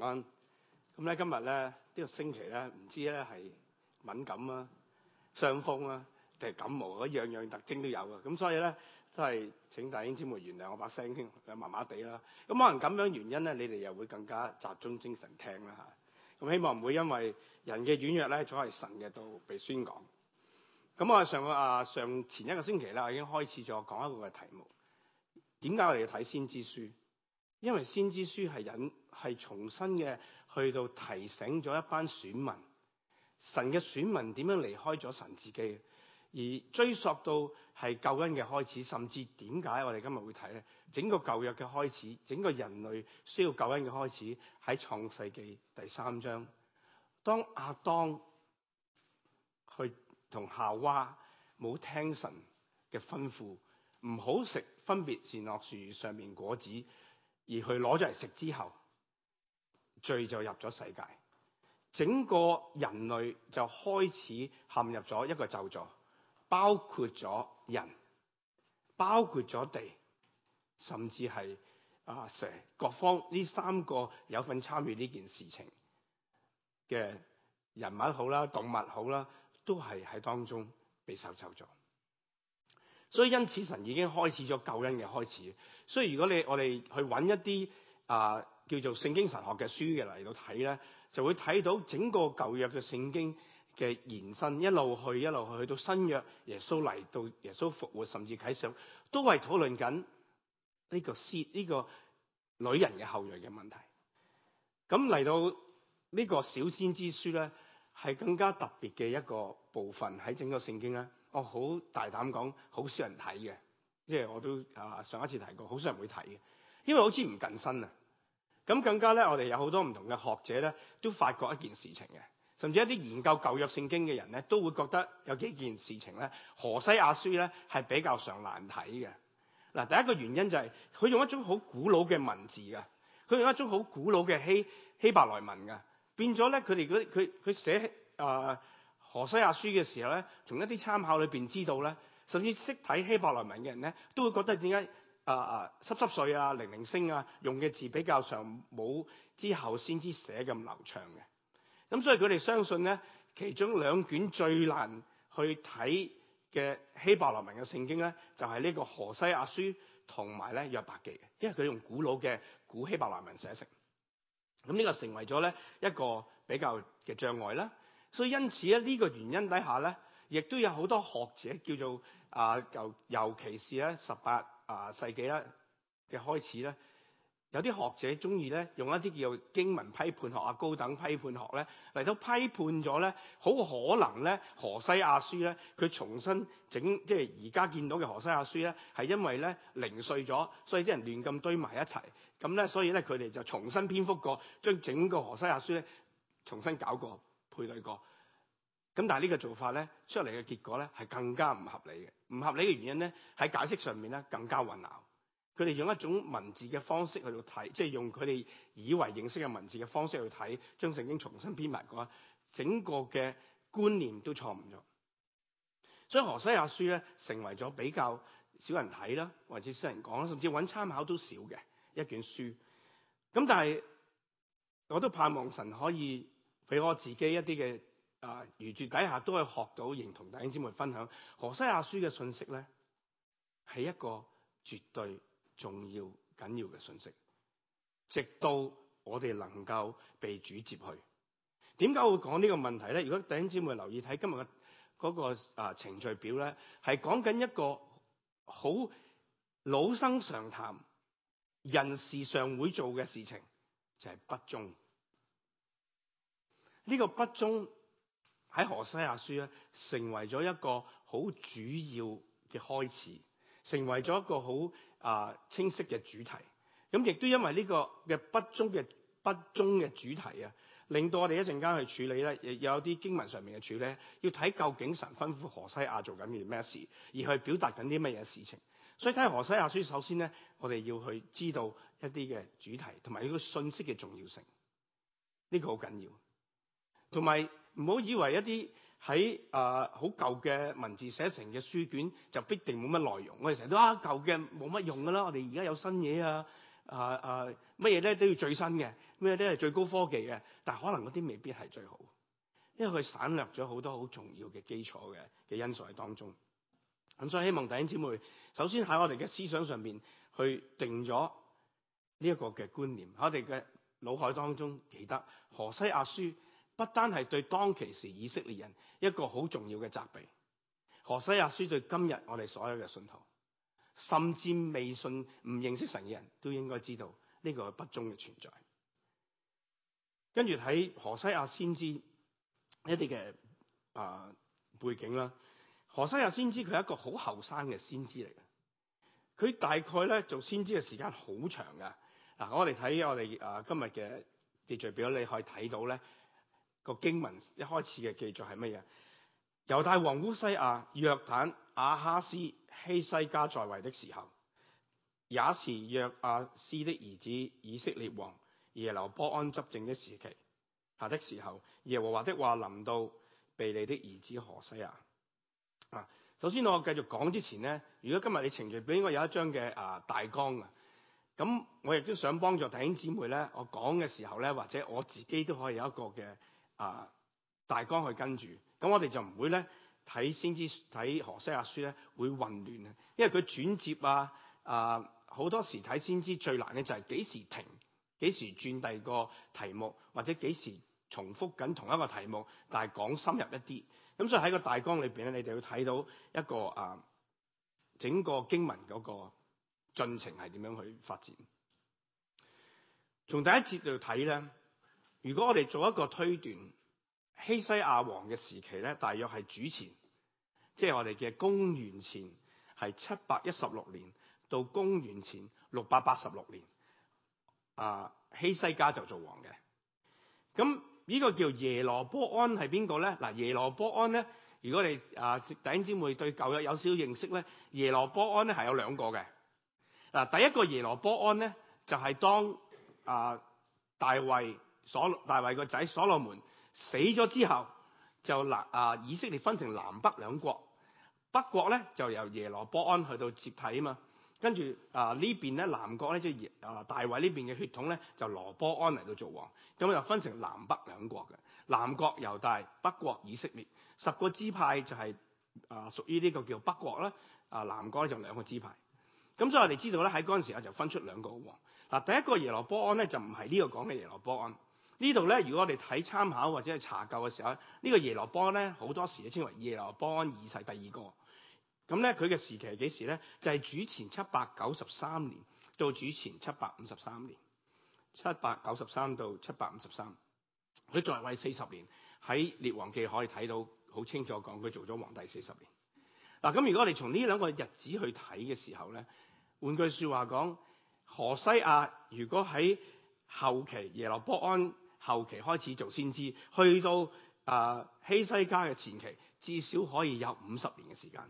安咁咧，今日咧呢個星期咧，唔知咧係敏感啊、傷風啊，定係感冒，我樣樣特徵都有噶。咁所以咧都係請大英姐妹原諒我把聲添，麻麻地啦。咁可能咁樣原因咧，你哋又會更加集中精神聽啦吓。咁、啊、希望唔會因為人嘅軟弱咧，阻礙神嘅道被宣講。咁我上啊，上前一個星期咧，我已經開始咗講一個嘅題目：點解我哋要睇先知書？因為先知書係引。係重新嘅，去到提醒咗一班選民，神嘅選民點樣離開咗神自己，而追溯到係救恩嘅開始，甚至點解我哋今日會睇咧？整個舊約嘅開始，整個人類需要救恩嘅開始，喺創世記第三章。當亞當去同夏娃冇聽神嘅吩咐，唔好食分別善惡樹上面的果子，而去攞咗嚟食之後。罪就入咗世界，整個人類就開始陷入咗一個咒詛，包括咗人，包括咗地，甚至係啊蛇各方呢三個有份參與呢件事情嘅人物好啦，動物好啦，都係喺當中被受咒詛。所以因此，神已經開始咗救恩嘅開始。所以如果你我哋去揾一啲啊。呃叫做聖經神學嘅書嘅嚟到睇咧，就會睇到整個舊約嘅聖經嘅延伸，一路去一路去去到新約耶穌嚟到，耶穌復活，甚至啟上都係討論緊呢個先呢、呢個女人嘅後裔嘅問題，咁嚟到呢個小先知書咧，係更加特別嘅一個部分喺整個聖經咧。我好大膽講好少人睇嘅，即係我都啊上一次提過好少人會睇嘅，因為好似唔近身啊。咁更加咧，我哋有好多唔同嘅學者咧，都發覺一件事情嘅，甚至一啲研究舊約聖經嘅人咧，都會覺得有幾件事情咧，何西亞書咧係比較上難睇嘅。嗱，第一個原因就係、是、佢用一種好古老嘅文字㗎，佢用一種好古老嘅希希伯來文㗎，變咗咧，佢哋嗰佢寫啊、呃、何西亞書嘅時候咧，從一啲參考裏面知道咧，甚至識睇希伯萊文嘅人咧，都會覺得點解？啊啊呃，濕濕碎啊，零零星啊，用嘅字比較上冇之後先至寫咁流暢嘅。咁所以佢哋相信咧，其中兩卷最難去睇嘅希伯來文嘅聖經咧，就係呢個何西阿書同埋咧約伯記嘅，因為佢用古老嘅古希伯來文寫成。咁呢個成為咗咧一個比較嘅障礙啦。所以因此咧呢個原因底下咧，亦都有好多學者叫做啊，尤、呃、尤其是咧十八，啊，世紀啦嘅開始咧，有啲學者中意咧用一啲叫經文批判學啊、高等批判學咧嚟到批判咗咧，好可能咧何西阿書咧佢重新整，即係而家見到嘅何西阿書咧係因為咧零碎咗，所以啲人亂咁堆埋一齊，咁咧所以咧佢哋就重新編復過，將整個何西阿書咧重新搞過配對過。咁但係呢個做法咧，出嚟嘅結果咧係更加唔合理嘅。唔合理嘅原因咧，喺解釋上面咧更加混淆。佢哋用一種文字嘅方式去到睇，即係用佢哋以為認識嘅文字嘅方式去睇，將聖經重新編排過，整個嘅觀念都錯誤咗。所以何西阿書咧，成為咗比較少人睇啦，或者少人講，甚至揾參考都少嘅一卷書。咁但係我都盼望神可以俾我自己一啲嘅。啊！餘住底下都係學到，認同弟兄姊妹分享何西亞書嘅信息咧，係一個絕對重要緊要嘅信息。直到我哋能夠被主接去，點解我會講呢個問題咧？如果弟兄姊妹留意睇今日嘅，嗰個啊程序表咧，係講緊一個好老生常談，人事上會做嘅事情，就係，是，不忠。呢，這個不忠。喺何西阿書咧，成為咗一個好主要嘅開始，成為咗一個好啊清晰嘅主題。咁亦都因為呢個嘅不忠嘅不忠嘅主題啊，令到我哋一陣間去處理咧，有啲經文上面嘅處理，要睇究竟神吩咐何西阿做緊啲咩事，而去表達緊啲乜嘢事情。所以睇何西阿書，首先咧，我哋要去知道一啲嘅主題，同埋呢個信息嘅重要性，呢個好緊要，同埋。唔好以為一啲喺啊好舊嘅文字寫成嘅書卷就必定冇乜內容。我哋成日都話啊舊嘅冇乜用㗎啦。我哋而家有新嘢啊啊啊，乜嘢咧都要最新嘅，咩咧都要最高科技嘅。但係可能嗰啲未必係最好，因為佢省略咗好多好重要嘅基礎嘅嘅因素喺當中。咁所以希望弟兄姊妹首先喺我哋嘅思想上面去定咗呢一個嘅觀念，喺我哋嘅腦海當中記得何西阿書不單係對當其時以色列人一個好重要嘅責備，何西阿書對今日我哋所有嘅信徒，甚至未信唔認識神嘅人都應該知道呢個不忠嘅存在。跟住睇何西阿先知一啲嘅啊背景啦，何西阿先知佢係一個好後生嘅先知嚟嘅，佢大概咧做先知嘅時間好長㗎。嗱，我哋睇我哋啊今日嘅秩序表，你可以睇到咧。個經文一開始嘅記載係乜嘢？猶大王烏西亞、約坦、亞哈斯、希西家在位的時候，也是約阿斯的兒子以色列王耶羅波安執政的時期下的時候，耶和華的話臨到備利的兒子何西阿啊。首先我繼續講之前呢，如果今日你程序表應該有一張嘅啊大綱啊，咁我亦都想幫助弟兄姊妹咧，我講嘅時候咧，或者我自己都可以有一個嘅。啊，大綱去跟住，咁我哋就唔會咧睇先知睇何西亞書咧，會混亂啊。因為佢轉接啊，啊好多時睇先知最難嘅就係幾時停，幾時轉第二個題目，或者幾時重複緊同一個題目，但係講深入一啲。咁所以喺個大綱裏邊咧，你哋要睇到一個啊，整個經文嗰個進程係點樣去發展。從第一節度睇咧。如果我哋做一個推斷，希西亞王嘅時期咧，大約係主前，即係我哋嘅公元前係七百一十六年到公元前六百八十六年，啊，希西家就做王嘅。咁呢個叫耶羅波安係邊個咧？嗱，耶羅波安咧，如果你啊弟兄姊妹對舊約有少少認識咧，耶羅波安咧係有兩個嘅。嗱，第一個耶羅波安咧就係當啊大衛。所大衛個仔所羅門死咗之後，就南啊以色列分成南北兩國，北國咧就由耶羅波安去到接替啊嘛。跟住啊呢邊咧南國咧即係啊大衛呢邊嘅血統咧就羅波安嚟到做王，咁就分成南北兩國嘅。南國猶大，北國以色列，十個支派就係啊屬於呢個叫北國啦。啊南國咧就兩個支派。咁所以我哋知道咧喺嗰陣時候就分出兩個王。嗱第一個耶羅波安咧就唔係呢個講嘅耶羅波安。呢度咧，如果我哋睇參考或者係查究嘅時候，呢、這個耶羅波安咧，好多時都稱為耶羅波安二世第二個。咁咧，佢嘅時期係幾時咧？就係、是、主前七百九十三年到主前七百五十三年，七百九十三到七百五十三。佢在位四十年，喺《列王記》可以睇到，好清楚講佢做咗皇帝四十年。嗱，咁如果我哋從呢兩個日子去睇嘅時候咧，換句説話講，何西阿如果喺後期耶羅波安。後期開始做先知，去到啊、呃、希西家嘅前期，至少可以有五十年嘅時間。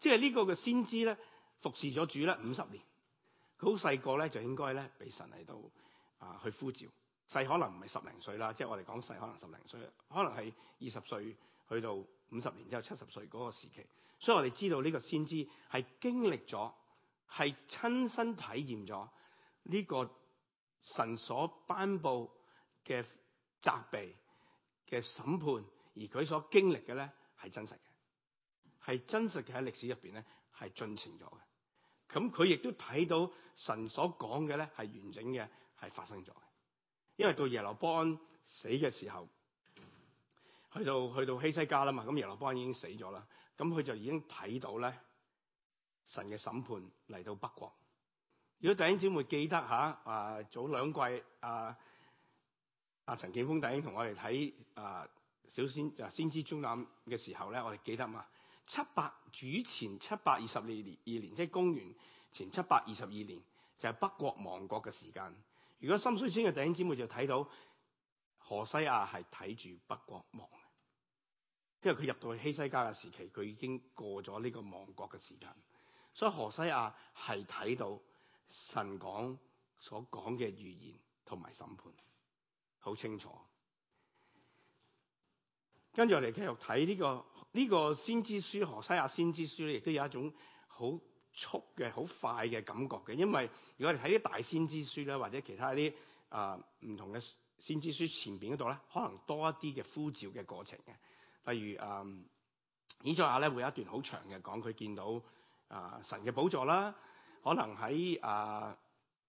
即係呢個嘅先知咧，服侍咗主咧五十年，佢好細個咧就應該咧被神嚟到啊、呃、去呼召，細可能唔係十零歲啦，即係我哋講細可能十零歲，可能係二十歲去到五十年之後七十歲嗰個時期。所以我哋知道呢個先知係經歷咗，係親身體驗咗呢個神所頒布。嘅責備嘅審判，而佢所經歷嘅咧係真實嘅，係真實嘅喺歷史入邊咧係進行咗嘅。咁佢亦都睇到神所講嘅咧係完整嘅，係發生咗嘅。因為到耶羅波安死嘅時候，去到去到希西家啦嘛，咁耶羅波安已經死咗啦，咁佢就已經睇到咧神嘅審判嚟到北國。如果弟兄姊妹記得吓、啊，啊，早兩季啊。啊，陳景峰弟兄同我哋睇啊，小先啊，先知中覽嘅時候咧，我哋記得嘛，七百主前七百二十二年，二年即係、就是、公元前七百二十二年，就係、是、北國亡國嘅時間。如果深水村嘅弟兄姊妹就睇到，何西阿係睇住北國亡嘅，因為佢入到希西家嘅時期，佢已經過咗呢個亡國嘅時間，所以何西阿係睇到神講所講嘅預言同埋審判。好清楚。跟住我哋繼續睇呢、這個呢、這個先知書，何西阿先知書咧，亦都有一種好速嘅、好快嘅感覺嘅。因為如果你睇啲大先知書咧，或者其他啲啊唔同嘅先知書前邊嗰度咧，可能多一啲嘅呼召嘅過程嘅。例如啊、嗯，以賽亞咧會有一段好長嘅講，佢見到啊、呃、神嘅寶座啦，可能喺啊、呃、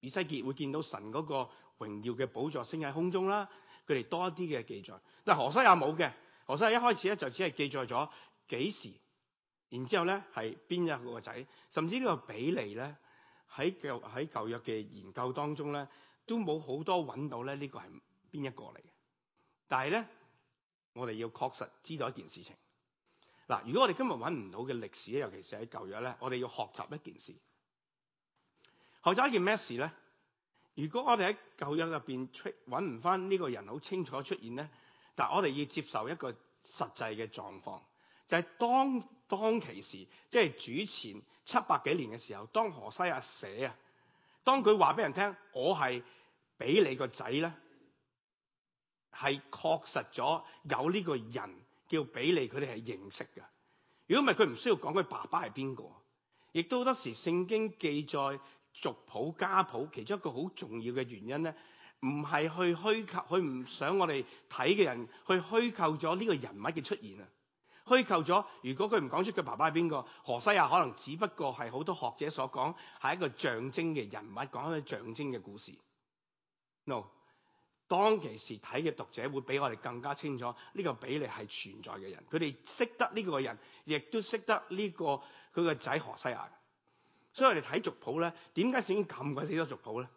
以西結會見到神嗰、那個。榮耀嘅寶座升喺空中啦，佢哋多一啲嘅記載，但係何西阿冇嘅。何西阿一開始咧就只係記載咗幾時，然之後咧係邊一個仔，甚至呢個比例咧喺舊喺舊約嘅研究當中咧都冇好多揾到咧，呢個係邊一個嚟嘅。但係咧我哋要確實知道一件事情，嗱，如果我哋今日揾唔到嘅歷史咧，尤其是喺舊約咧，我哋要學習一件事，學習一件咩事咧？如果我哋喺舊約入邊出揾唔返呢個人好清楚出現咧，但係我哋要接受一個實際嘅狀況，就係、是、當當其時，即係主前七百幾年嘅時候，當何西阿寫啊，當佢話俾人聽我係比利個仔咧，係確實咗有呢個人叫比利。佢哋係認識嘅。如果唔係，佢唔需要講佢爸爸係邊個，亦都好多時聖經記載。族譜家譜，其中一個好重要嘅原因咧,唔係去虛構，佢唔想我哋睇嘅人去虛構咗呢個人物嘅出現啊！虛構咗，如果佢唔講出佢爸爸係邊個，何西阿可能只不過係好多學者所講係一個象徵嘅人物，講一啲象徵嘅故事。No，當其時睇嘅讀者會比我哋更加清楚呢個比例係存在嘅人，佢哋識得呢個人，亦都識得、這、呢個佢個仔何西阿。所以我哋睇族譜咧，點解聖經咁鬼死多族譜咧？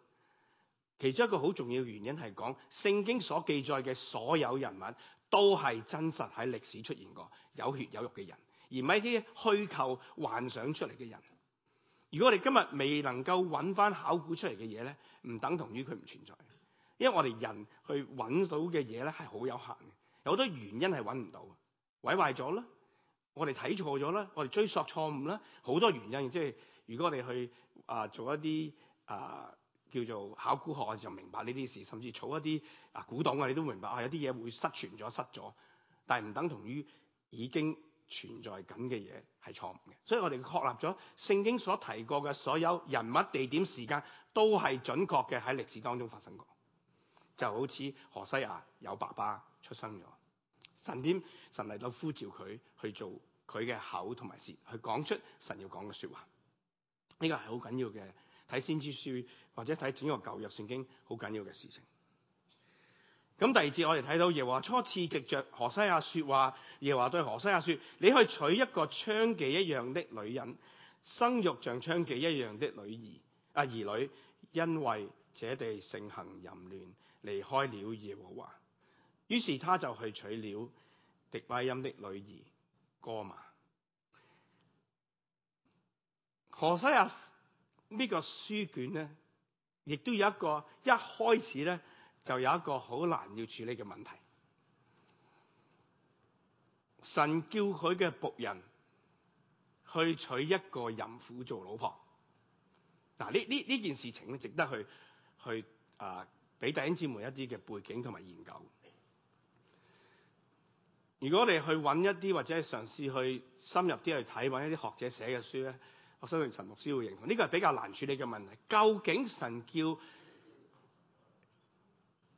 其中一個好重要原因係講聖經所記載嘅所有人物都係真實喺歷史出現過，有血有肉嘅人，而唔係啲虛構幻想出嚟嘅人。如果我哋今日未能夠揾翻考古出嚟嘅嘢咧，唔等同於佢唔存在，因為我哋人去揾到嘅嘢咧係好有限嘅，有好多原因係揾唔到嘅，毀壞咗啦，我哋睇錯咗啦，我哋追溯錯誤啦，好多原因即係。如果我哋去啊做一啲啊叫做考古學嘅時候，明白呢啲事；甚至儲一啲啊古董嘅，你都明白啊有啲嘢會失傳咗、失咗。但係唔等同於已經存在緊嘅嘢係錯誤嘅。所以我哋確立咗聖經所提過嘅所有人物、地點、時間都係準確嘅喺歷史當中發生過，就好似何西阿有爸爸出生咗，神點神嚟到呼召佢去做佢嘅口同埋事，去講出神要講嘅說話。呢個係好緊要嘅，睇先知書或者睇整個舊約聖經好緊要嘅事情。咁第二節我哋睇到耶和華初次藉着何西阿說話，耶和華對何西阿說：你去娶一個娼妓一樣的女人，生育像娼妓一樣的女兒啊兒女，因為這地盛行淫亂，離開了耶和華。於是他就去娶了迪拉音的女兒歌瑪。哥《何西阿》呢個書卷咧，亦都有一個一開始咧就有一個好難要處理嘅問題。神叫佢嘅僕人去娶一個淫婦做老婆。嗱、啊，呢呢呢件事情值得去去啊，俾弟兄姊妹一啲嘅背景同埋研究。如果你去揾一啲或者係嘗試去深入啲去睇，揾一啲學者寫嘅書咧。我相信陳牧師會認同，呢個係比較難處理嘅問題。究竟神叫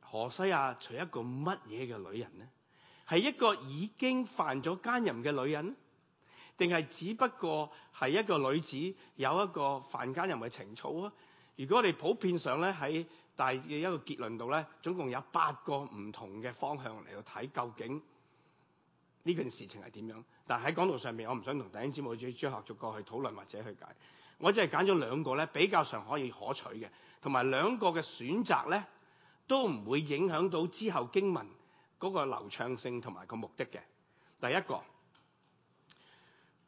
何西阿娶一個乜嘢嘅女人呢？係一個已經犯咗奸淫嘅女人，定係只不過係一個女子有一個犯奸淫嘅情操啊？如果我哋普遍上咧喺大致嘅一個結論度咧，總共有八個唔同嘅方向嚟到睇究竟。呢件事情係點樣？但喺講道上面，我唔想同弟兄姊妹逐學逐個去討論或者去解。我只係揀咗兩個咧，比較上可以可取嘅，同埋兩個嘅選擇咧都唔會影響到之後經文嗰個流暢性同埋個目的嘅。第一個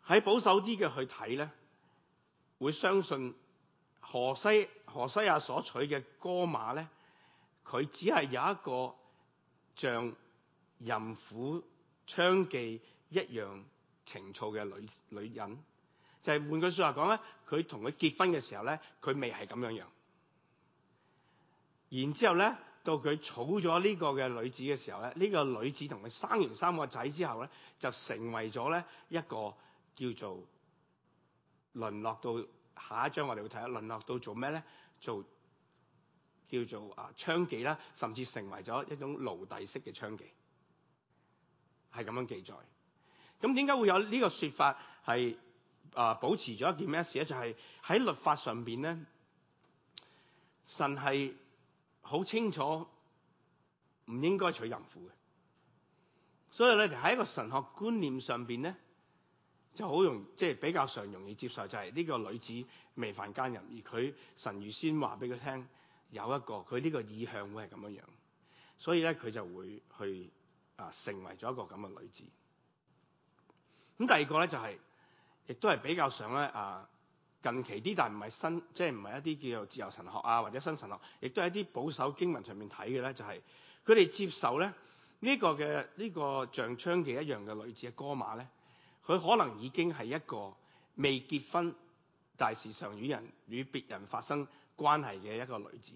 喺保守啲嘅去睇咧，會相信何西何西阿所取嘅歌瑪咧，佢只係有一個像淫婦。娼妓一樣情操嘅女女人，就係、是、換句説話講咧，佢同佢結婚嘅時候咧，佢未係咁樣樣。然之後咧，到佢娶咗呢個嘅女子嘅時候咧，呢個女子同佢、這個、生完三個仔之後咧，就成為咗咧一個叫做淪落到下一章我哋會睇，淪落到做咩咧？做叫做啊娼妓啦，甚至成為咗一種奴隸式嘅娼妓。係咁樣記載，咁點解會有呢個説法係啊保持咗一件咩事咧？就係、是、喺律法上邊咧，神係好清楚唔應該娶淫婦嘅，所以咧喺一個神學觀念上邊咧就好容易即係、就是、比較常容易接受，就係、是、呢個女子未犯奸淫，而佢神預先話俾佢聽有一個佢呢個意向會係咁樣樣，所以咧佢就會去。啊，成為咗一個咁嘅女子。咁第二個咧、就是，就係亦都係比較上咧啊，近期啲，但唔係新，即係唔係一啲叫做自由神學啊，或者新神學，亦都係一啲保守經文上面睇嘅咧，就係佢哋接受咧呢、這個嘅呢、這個像、這個、娼妓一樣嘅女子嘅歌瑪咧，佢可能已經係一個未結婚大上，但時常與人與別人發生關係嘅一個女子。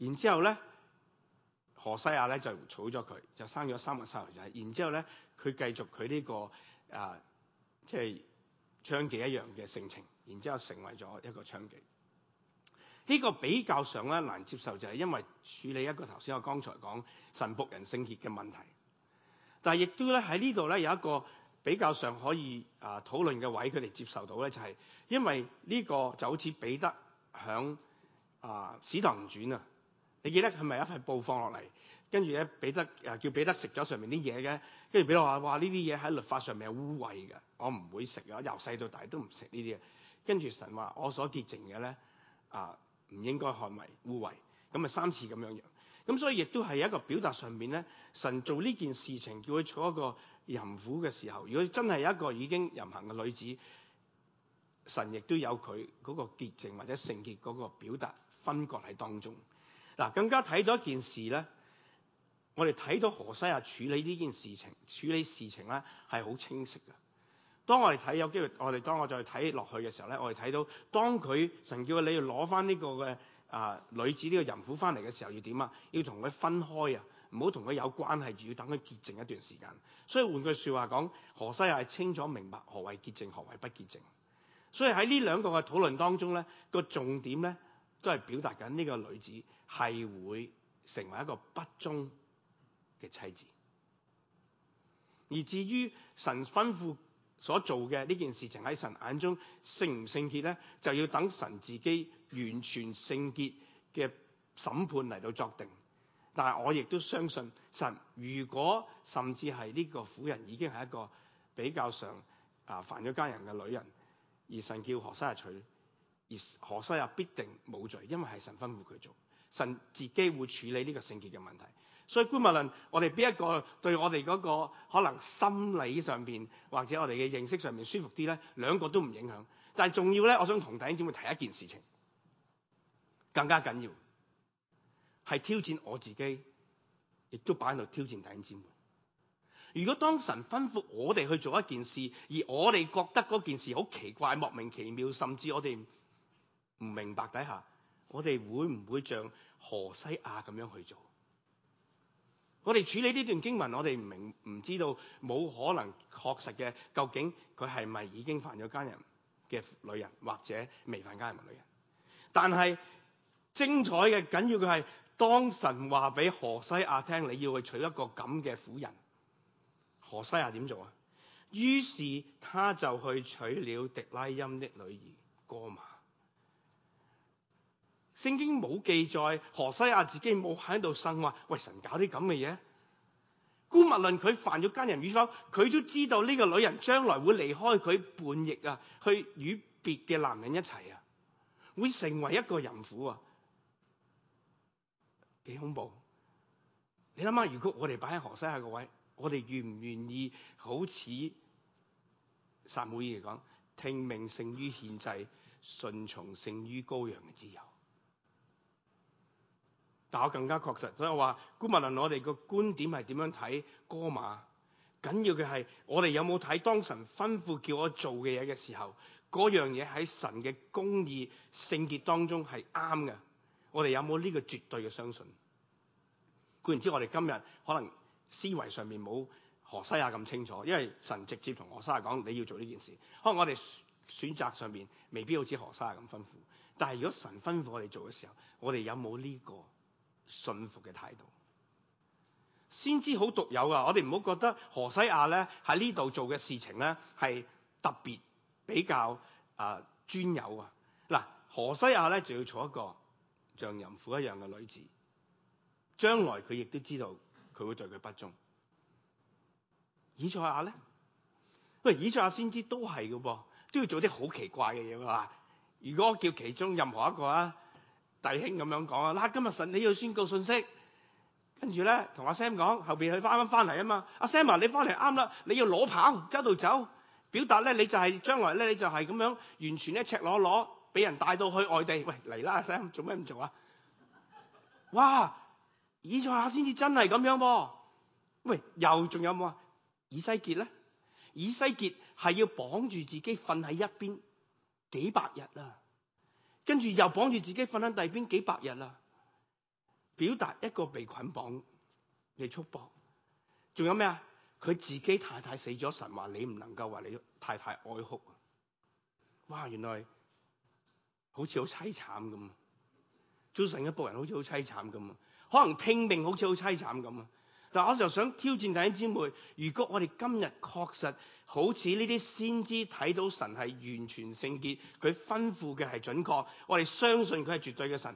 然之後咧。何西亞咧就娶咗佢，就生咗三個細路仔，然之後咧佢繼續佢呢、這個啊、呃、即係娼妓一樣嘅性情，然之後成為咗一個娼妓。呢、這個比較上咧難接受，就係因為處理一個頭先我剛才講神僕人聖潔嘅問題。但係亦都咧喺呢度咧有一個比較上可以啊討論嘅位置，佢哋接受到咧就係、是、因為呢個就好似彼得響啊《使徒行傳》啊。你記得係咪一塊布放落嚟，跟住咧彼得誒叫彼得食咗上面啲嘢嘅，跟住俾我話，哇！呢啲嘢喺律法上面係污穢嘅，我唔會食嘅，由細到大都唔食呢啲嘢。跟住神話：我所潔淨嘅咧，啊唔應該看為污穢。咁啊三次咁樣樣。咁所以亦都係一個表達上面咧，神做呢件事情叫佢娶一個淫婦嘅時候，如果真係一個已經淫行嘅女子，神亦都有佢嗰個潔淨或者聖潔嗰個表達分割喺當中。嗱，更加睇到一件事咧，我哋睇到何西亞處理呢件事情，處理事情咧係好清晰嘅。當我哋睇有機會，我哋當我再睇落去嘅時候咧，我哋睇到當佢神叫你要攞翻呢個嘅啊、呃、女子呢個淫婦翻嚟嘅時候要點啊？要同佢分開啊！唔好同佢有關係，要等佢潔淨一段時間。所以換句說話講，何西亞係清楚明白何為潔淨，何為不潔淨。所以喺呢兩個嘅討論當中咧，個重點咧。都係表達緊呢個女子係會成為一個不忠嘅妻子。而至於神吩咐所做嘅呢件事情喺神眼中聖唔聖潔咧，就要等神自己完全聖潔嘅審判嚟到作定。但係我亦都相信神，如果甚至係呢個婦人已經係一個比較上啊犯咗奸淫嘅女人，而神叫學生嚟娶。而何西阿必定冇罪，因為係神吩咐佢做，神自己會處理呢個聖潔嘅問題。所以觀物論，我哋邊一個對我哋嗰個可能心理上邊或者我哋嘅認識上面舒服啲咧？兩個都唔影響，但係重要咧，我想同弟兄姊妹提一件事情，更加緊要，係挑戰我自己，亦都擺喺度挑戰弟兄姊妹。如果當神吩咐我哋去做一件事，而我哋覺得嗰件事好奇怪、莫名其妙，甚至我哋，唔明白底下，我哋會唔會像何西阿咁樣去做？我哋處理呢段經文，我哋唔明，唔知道冇可能確實嘅，究竟佢係咪已經犯咗奸淫嘅女人，或者未犯奸淫嘅女人？但係精彩嘅緊要嘅係，當神話俾何西阿聽，你要去娶一個咁嘅婦人，何西阿點做啊？於是他就去娶了狄拉音的女兒哥馬聖經冇記載何西阿自己冇喺度呻話，喂，神搞啲咁嘅嘢。姑勿論佢犯咗姦淫與否，佢都知道呢個女人將來會離開佢，叛逆啊，去與別嘅男人一齊啊，會成為一個淫婦啊，幾恐怖！你諗下，如果我哋擺喺何西阿個位，我哋願唔願意好似撒母耳嚟講，聽命勝於獻祭，順從勝於羔羊嘅自由？更加確實，所以我話，姑勿論我哋個觀點係點樣睇哥瑪，緊要嘅係我哋有冇睇當神吩咐叫我做嘅嘢嘅時候，嗰樣嘢喺神嘅公義聖潔當中係啱嘅。我哋有冇呢個絕對嘅相信？固然之我，我哋今日可能思維上面冇何西亞咁清楚，因為神直接同何西亞講你要做呢件事。可能我哋選擇上面未必好似何西亞咁吩咐，但係如果神吩咐我哋做嘅時候，我哋有冇呢個信服嘅態度，先知好獨有啊。我哋唔好覺得何西阿咧喺呢度做嘅事情咧係特別比較啊專有啊。嗱，何西阿咧就要做一個像淫婦一樣嘅女子，將來佢亦都知道佢會對佢不忠以呢。以賽亞咧，喂，以賽亞先知都係㗎噃，都要做啲好奇怪嘅嘢啊！如果我叫其中任何一個啊？弟兄咁樣講啊，嗱，今日神你要宣告信息，呢跟住咧同阿 Sam 講，後邊佢翻翻翻嚟啊嘛，阿 Sam 啊，你翻嚟啱啦，你要攞跑周度走，表達咧你就係、是、將來咧你就係咁樣完全一赤裸裸俾人帶到去外地，喂嚟啦，Sam 做咩唔做啊？Sam, 做 哇，以下先至真係咁樣噃、啊，喂，又仲有冇啊？以西結咧，以西結係要綁住自己瞓喺一邊幾百日啊！跟住又綁住自己瞓喺第二邊幾百日啦，表達一個被捆綁嘅束縛。仲有咩啊？佢自己太太死咗，神話你唔能夠話你太太哀哭啊！哇，原來好似好凄慘咁。做神嘅僕人好似好凄慘咁，可能聽命好似好凄慘咁啊！但我就想挑戰弟兄姊妹，如果我哋今日確實好似呢啲先知睇到神係完全聖潔，佢吩咐嘅係準確，我哋相信佢係絕對嘅神，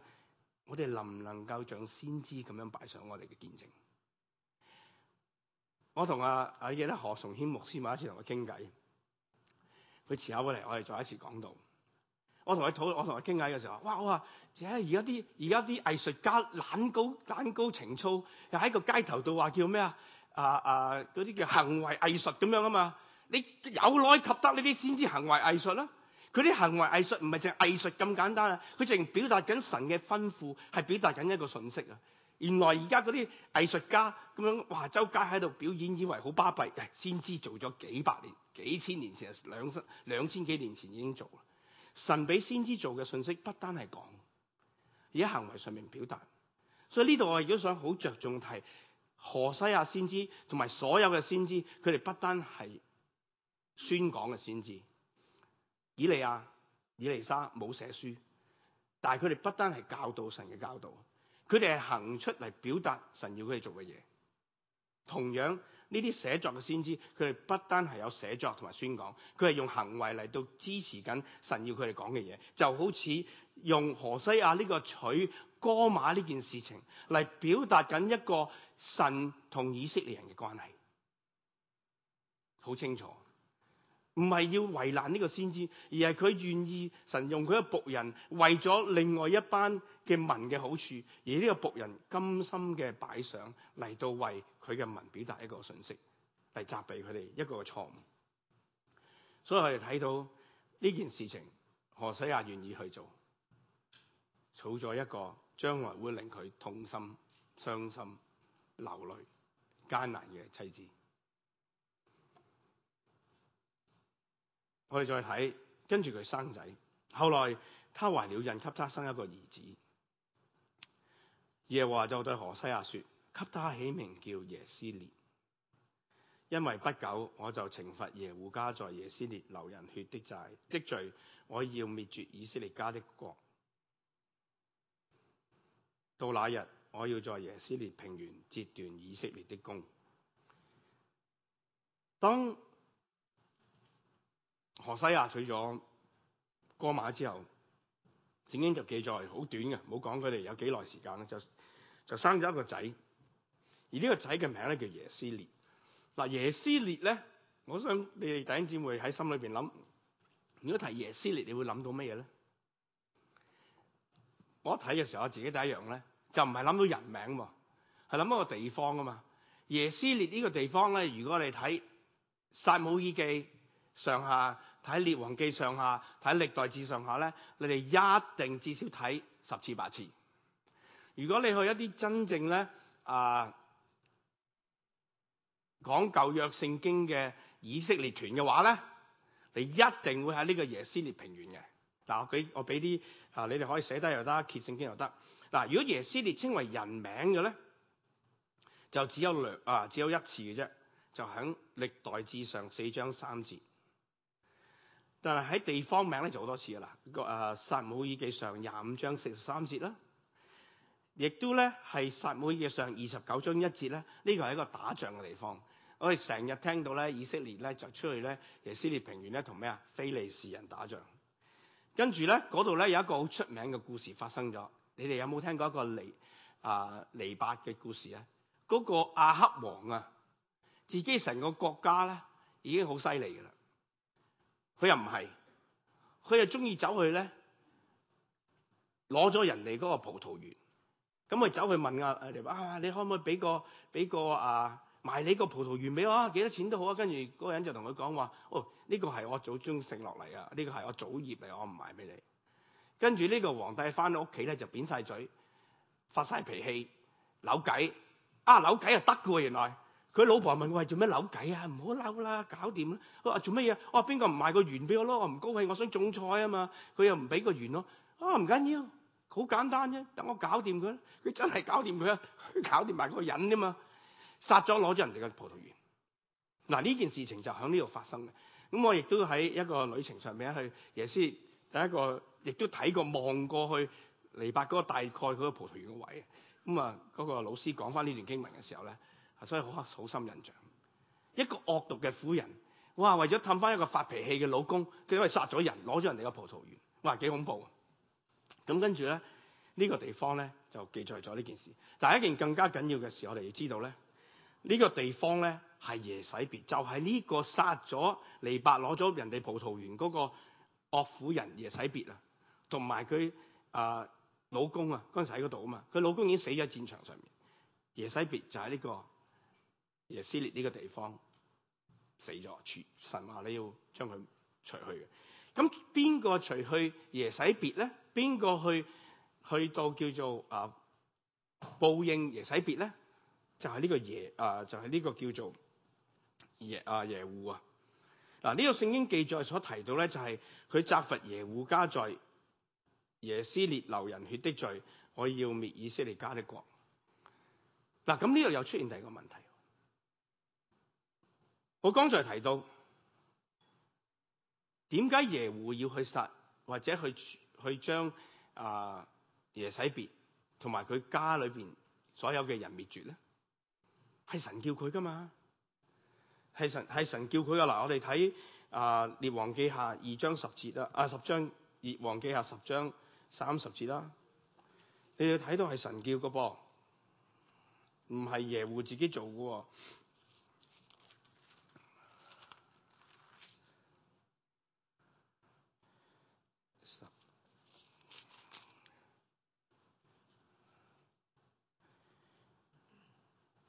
我哋能唔能夠像先知咁樣擺上我哋嘅見證？我同阿阿嘢咧何崇謙牧師有一次同佢傾偈，佢遲下過嚟，我哋再一次講到。我同佢討，我同佢傾偈嘅時候，哇！我話，而家啲而家啲藝術家懶高懶高情操，又喺個街頭度話叫咩啊？啊啊！嗰啲叫行為藝術咁樣啊嘛！你有耐及得呢啲先知行為藝術啦，啊。佢啲行為藝術唔係淨係藝術咁簡單啊！佢直情表達緊神嘅吩咐，係表達緊一個訊息啊！原來而家嗰啲藝術家咁樣，哇！周街喺度表演，以為好巴閉，先知做咗幾百年、幾千年前啊，兩千兩千幾年前已經做神俾先知做嘅信息不單係講，而喺行為上面表達。所以呢度我亦都想好着重提，何西阿先知同埋所有嘅先知，佢哋不單係宣講嘅先知。以利亞、以利沙冇寫書，但係佢哋不單係教導神嘅教導，佢哋係行出嚟，表達神要佢哋做嘅嘢。同樣。呢啲寫作嘅先知，佢哋不單係有寫作同埋宣講，佢係用行為嚟到支持緊神要佢哋講嘅嘢，就好似用何西阿呢個取哥瑪呢件事情嚟表達緊一個神同以色列人嘅關係，好清楚，唔係要為難呢個先知，而係佢願意神用佢一個僕人，為咗另外一班。嘅民嘅好處，而呢個僕人甘心嘅擺上嚟，到為佢嘅民表達一個信息，嚟責備佢哋一個錯誤。所以我哋睇到呢件事情，何西阿願意去做，儲咗一個將來會令佢痛心、傷心、流淚、艱難嘅妻子。我哋再睇，跟住佢生仔，後來他懷了孕，給他生一個兒子。耶和華就對何西阿說：給他起名叫耶斯列，因為不久我就懲罰耶戶家在耶斯列流人血的債積罪，我要滅絕以色列家的國。到那日，我要在耶斯列平原截斷以色列的弓。當何西阿娶咗歌瑪之後，聖經就記載好短嘅，冇講佢哋有幾耐時間啦，就。就生咗一個仔，而呢個仔嘅名咧叫耶斯列。嗱，耶斯列咧，我想你哋弟兄姊妹喺心裏邊諗，如果提耶斯列，你會諗到乜嘢咧？我睇嘅時候，我自己第一樣咧，就唔係諗到人名喎，係諗一個地方嘛。耶斯列呢個地方咧，如果你睇撒母耳記上下、睇列王記上下、睇歷代志上下咧，你哋一定至少睇十次八次。如果你去一啲真正咧啊講舊約聖經嘅以色列團嘅話咧，你一定會喺呢個耶斯列平原嘅。嗱、啊，我俾我俾啲啊，你哋可以寫低又得，揭聖經又得。嗱、啊，如果耶斯列稱為人名嘅咧，就只有兩啊，只有一次嘅啫，就喺歷代志上四章三節。但係喺地方名咧就好多次啊！嗱，個啊撒母耳記上廿五章四十三節啦。亦都咧係撒母耳上二十九章一節咧，呢個係一個打仗嘅地方。我哋成日聽到咧，以色列咧就出去咧，耶斯列平原咧同咩啊非利士人打仗。跟住咧度咧有一個好出名嘅故事發生咗。你哋有冇聽過一個尼啊尼伯嘅故事啊？嗰個阿克王啊，自己成個國家咧已經好犀利嘅啦。佢又唔係，佢又中意走去咧攞咗人哋個葡萄園。咁咪走去問啊啊！你可唔可以俾個俾個啊賣你個葡萄園俾我？幾多錢都好啊！跟住嗰個人就同佢講話：哦，呢個係我祖宗剩落嚟啊！呢個係我祖業嚟，我唔賣俾你。跟住呢個皇帝翻到屋企咧，就扁晒嘴，發晒脾氣，扭計啊！扭計又得嘅喎，原來。佢老婆問我：做咩扭計啊？唔好扭啦，搞掂啦！我話做乜嘢？我話邊個唔賣個園俾我咯？我唔高興，我想種菜啊嘛！佢又唔俾個園咯啊！唔緊要。好簡單啫，等我搞掂佢。佢真係搞掂佢，佢搞掂埋個人啫嘛。殺咗攞咗人哋嘅葡萄園。嗱，啊，呢件事情就喺呢度發生嘅。咁我亦都喺一個旅程上面去耶。耶斯列第一個亦都睇過望過去，拿伯嗰個大概嗰個葡萄園嘅位。咁啊，嗰個老師講翻呢段經文嘅時候咧，所以好刻好深印象。一個惡毒嘅婦人，哇！為咗氹翻一個發脾氣嘅老公，佢因為殺咗人攞咗人哋嘅葡萄園，哇！幾恐怖，啊。咁跟住咧，呢、這個地方咧就記載咗呢件事。但係一件更加緊要嘅事，我哋要知道咧，呢、這個地方咧係耶洗別就係、是、呢個殺咗尼伯攞咗人哋葡萄園嗰個惡婦人耶洗別啊，同埋佢啊老公啊嗰陣時喺度啊嘛。佢老公已經死咗喺戰場上面，耶洗別就喺呢個耶斯列呢個地方死咗。神話你要將佢除去嘅。咁邊個除去耶洗別咧？邊個去去到叫做啊報應耶洗別咧？就係、是、呢個耶啊，就係、是、呢個叫做耶啊耶戶啊。嗱、啊，呢、這個聖經記載所提到咧，就係、是、佢責罰耶戶加罪，耶斯列流人血的罪，我要滅以色列家的國。嗱、啊，咁呢度又出現第二個問題。我剛才提到，點解耶戶要去殺或者去？去將啊、呃、耶洗別同埋佢家裏邊所有嘅人滅絕咧，係神叫佢噶嘛？係神係神叫佢啊！嗱，我哋睇啊列王記下二章十節啦，啊十章列王記下十章三十節啦，你哋睇到係神叫嘅噃，唔係耶戶自己做嘅。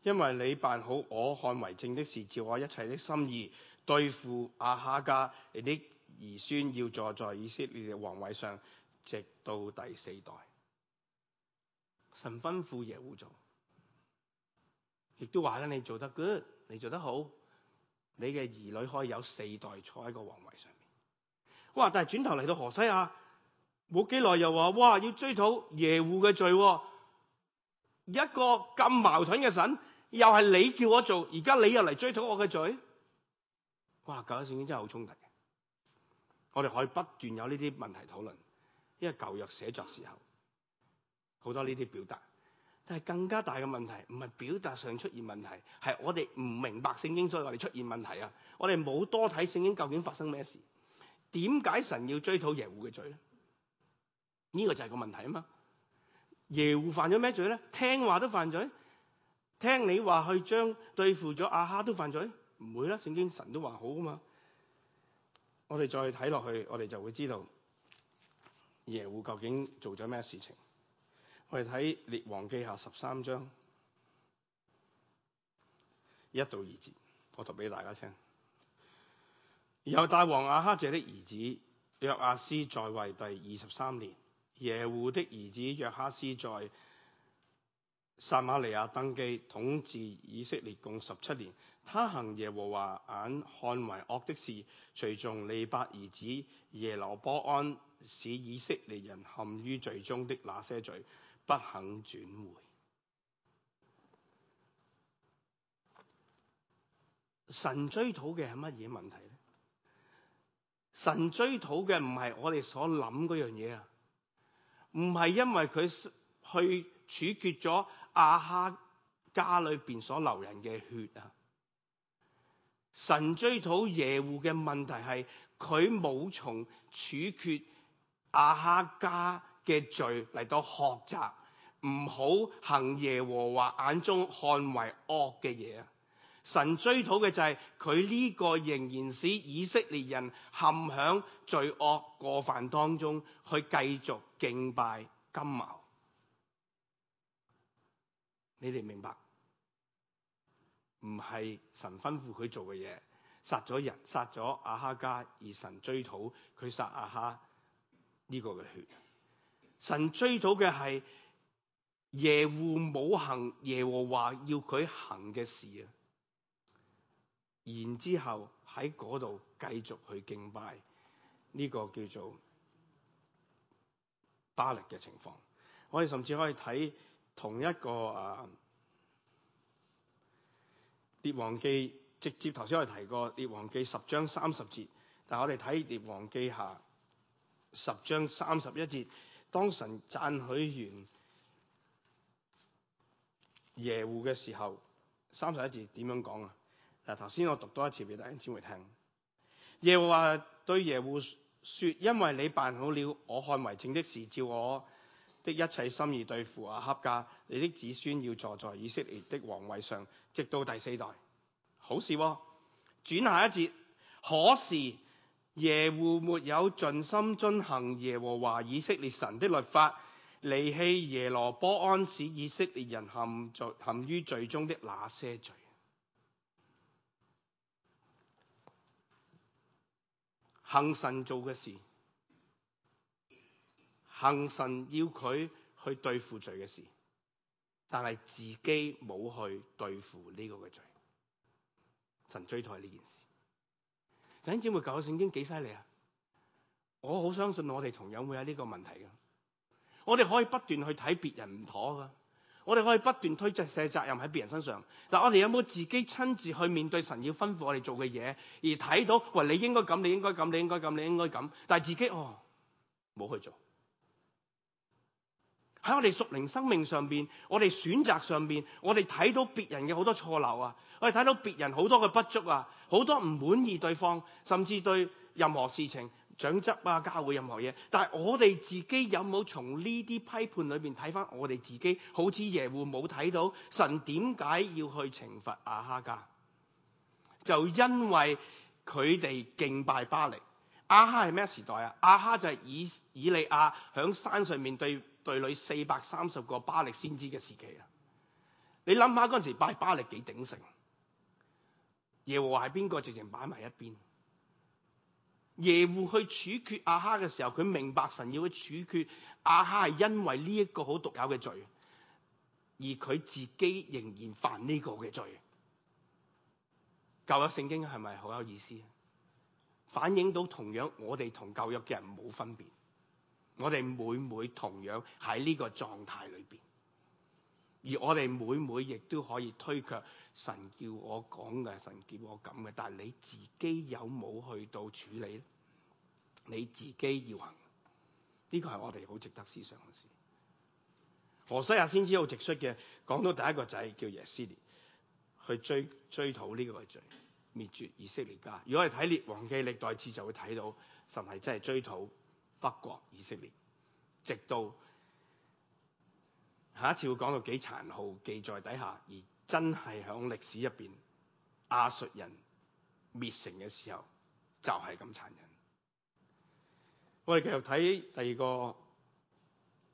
因為你辦好，我看為正的事，照我一切的心意，對付亞哈家你的兒孫，要坐在以色列的皇位上，直到第四代。神吩咐耶戶做，亦都話咧，你做得 good，你做得好，你嘅兒女可以有四代坐喺個皇位上面。哇！但係轉頭嚟到何西阿，冇幾耐又話：哇！要追討耶戶嘅罪，啊。一個咁矛盾嘅神。又係你叫我做，而家你又嚟追討我嘅罪？哇！舊約聖經真係好衝突嘅，我哋可以不斷有呢啲問題討論，因為舊約寫作時候好多呢啲表達。但係更加大嘅問題，唔係表達上出現問題，係我哋唔明白聖經，所以我哋出現問題啊！我哋冇多睇聖經，究竟發生咩事？點解神要追討耶戶嘅罪咧？呢個就係個問題啊嘛！耶戶犯咗咩罪咧？聽話都犯罪。聽你話去將對付咗亞哈都犯罪，唔會啦！聖經神都話好噶嘛，我哋再睇落去，我哋就會知道耶戶究竟做咗咩事情。我哋睇列王記下十三章一到二節，我讀俾大家聽。猶大王亞哈謝的兒子約阿斯在位第二十三年，耶戶的兒子約哈斯在。撒瑪利亞登基統治以色列共十七年，他行耶和華眼看為惡的事，隨從利伯兒子耶羅波安，使以色列人陷於罪中的那些罪，不肯轉回。神追討嘅係乜嘢問題咧？神追討嘅唔係我哋所諗嗰樣嘢啊，唔係因為佢去處決咗，亞哈家裏邊所流人嘅血啊！神追討耶戶嘅問題係佢冇從處決亞哈家嘅罪嚟到學習，唔好行耶和華眼中看為惡嘅嘢。神追討嘅就係佢呢個仍然使以色列人陷響罪惡過犯當中，去繼續敬拜金毛。你哋明白，唔係神吩咐佢做嘅嘢，殺咗人，殺咗亞哈家，而神追討佢殺亞哈呢個嘅血。神追討嘅係耶戶冇行耶和華要佢行嘅事啊。然之後喺嗰度繼續去敬拜，呢個叫做巴力嘅情況。我哋甚至可以睇。同一個啊，《列王記》，直接頭先我哋提過《列王記》十章三十節，但我哋睇《列王記》下十章三十一節，當神讚許完耶戶嘅時候，三十一節點樣講啊？嗱，頭先我讀多一次俾大家先嚟聽。耶戶話對耶戶説：因為你辦好了我看為正的事，照我。的一切心意對付亞哈家，你的子孫要坐在以色列的皇位上，直到第四代。好事喎、哦，轉下一節。可是耶戶沒有盡心遵行耶和華以色列神的律法，離棄耶羅波安使以色列人陷在陷於罪中的那些罪，行神做嘅事。行神要佢去對付罪嘅事，但係自己冇去對付呢個嘅罪，神追討呢件事。弟兄姊妹，舊約聖經幾犀利啊！我好相信我哋同樣會有呢個問題噶，我哋可以不斷去睇別人唔妥噶，我哋可以不斷推卸責任喺別人身上，但係我哋有冇自己親自去面對神要吩咐我哋做嘅嘢，而睇到喂，你應該咁，你應該咁，你應該咁，你應該咁，但係自己哦冇去做。喺我哋屬靈生命上邊，我哋選擇上邊，我哋睇到別人嘅好多錯漏啊，我哋睇到別人好多嘅不足啊，好多唔滿意對方，甚至對任何事情爭執啊、教會任何嘢。但係我哋自己有冇從呢啲批判裏面睇返我哋自己？好似耶戶冇睇到神點解要去懲罰亞哈家？就因為佢哋敬拜巴力。亞哈係咩時代啊？亞哈就係以以利亞響山上面對。對里四百三十個巴力先知嘅時期啊，你諗下嗰陣時拜巴力幾鼎盛，耶和華係邊個直情擺埋一邊？耶和華去處決亞哈嘅時候，佢明白神要去處決亞哈係因為呢一個好獨有嘅罪，而佢自己仍然犯呢個嘅罪。舊約聖經係咪好有意思？反映到同樣我哋同舊約嘅人冇分別。我哋每每同樣喺呢個狀態裏邊，而我哋每每亦都可以推卻神叫我講嘅，神叫我咁嘅。但係你自己有冇去到處理咧？你自己要行呢、呢個係我哋好值得思想嘅事。何西阿先知好直率嘅，講到第一個仔叫耶斯列，去追追討呢個罪，滅絕以色列家。如果係睇列王記、歷代志，就會睇到神係真係追討。北國、以色列，直到下一次會講到幾殘酷記載底下，而真係響歷史入邊亞述人滅城嘅時候，就係咁殘忍。我哋繼續睇第二個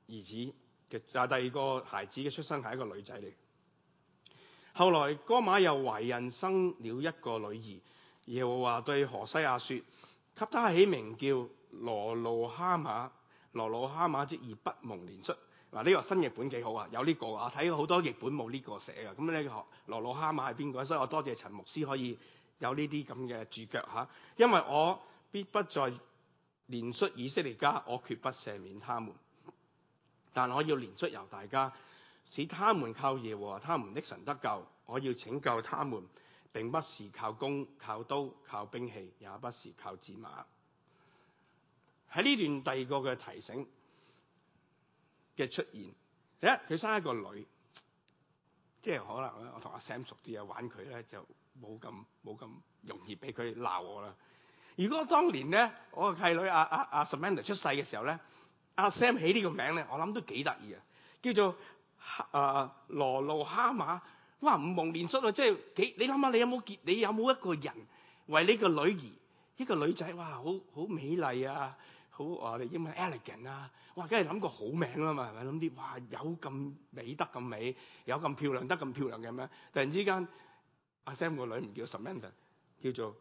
兒子嘅，但第二個孩子嘅出生係一個女仔嚟。後來哥瑪又懷孕生了一個女兒，又和華對何西阿說：給他起名叫。羅路哈馬，羅路哈馬，即而不蒙憐恤。嗱、啊，呢、這個新譯本幾好啊，有呢、這個啊。睇好多譯本冇呢個寫嘅。咁你個羅路哈馬係邊個？所以我多謝陳牧師可以有呢啲咁嘅注腳嚇。因為我必不再憐恤以色列家，我決不赦免他們。但我要憐恤猶大家，使他們靠耶和華他們的神得救。我要拯救他們，並不是靠弓、靠刀、靠兵器，也不是靠戰馬。喺呢段第二個嘅提醒嘅出現，第佢生一個女，即係可能我同阿 Sam 熟啲啊，玩佢咧就冇咁冇咁容易俾佢鬧我啦。如果當年咧，我個契女阿阿、啊、阿、啊啊、Samantha 出世嘅時候咧，阿、啊、Sam 起呢個名咧，我諗都幾得意啊，叫做啊、呃、羅路哈瑪。哇，五蒙連珠啊，即係幾你諗下，你有冇結？你有冇一個人為你個女兒一個女仔哇，好好美麗啊！好，我哋英文 elegant 啊！哇，梗係諗個好名啊嘛，係咪諗啲哇有咁美得咁美，有咁漂亮得咁漂亮嘅咩？突然之間，阿 Sam 個女唔叫 Samantha，叫做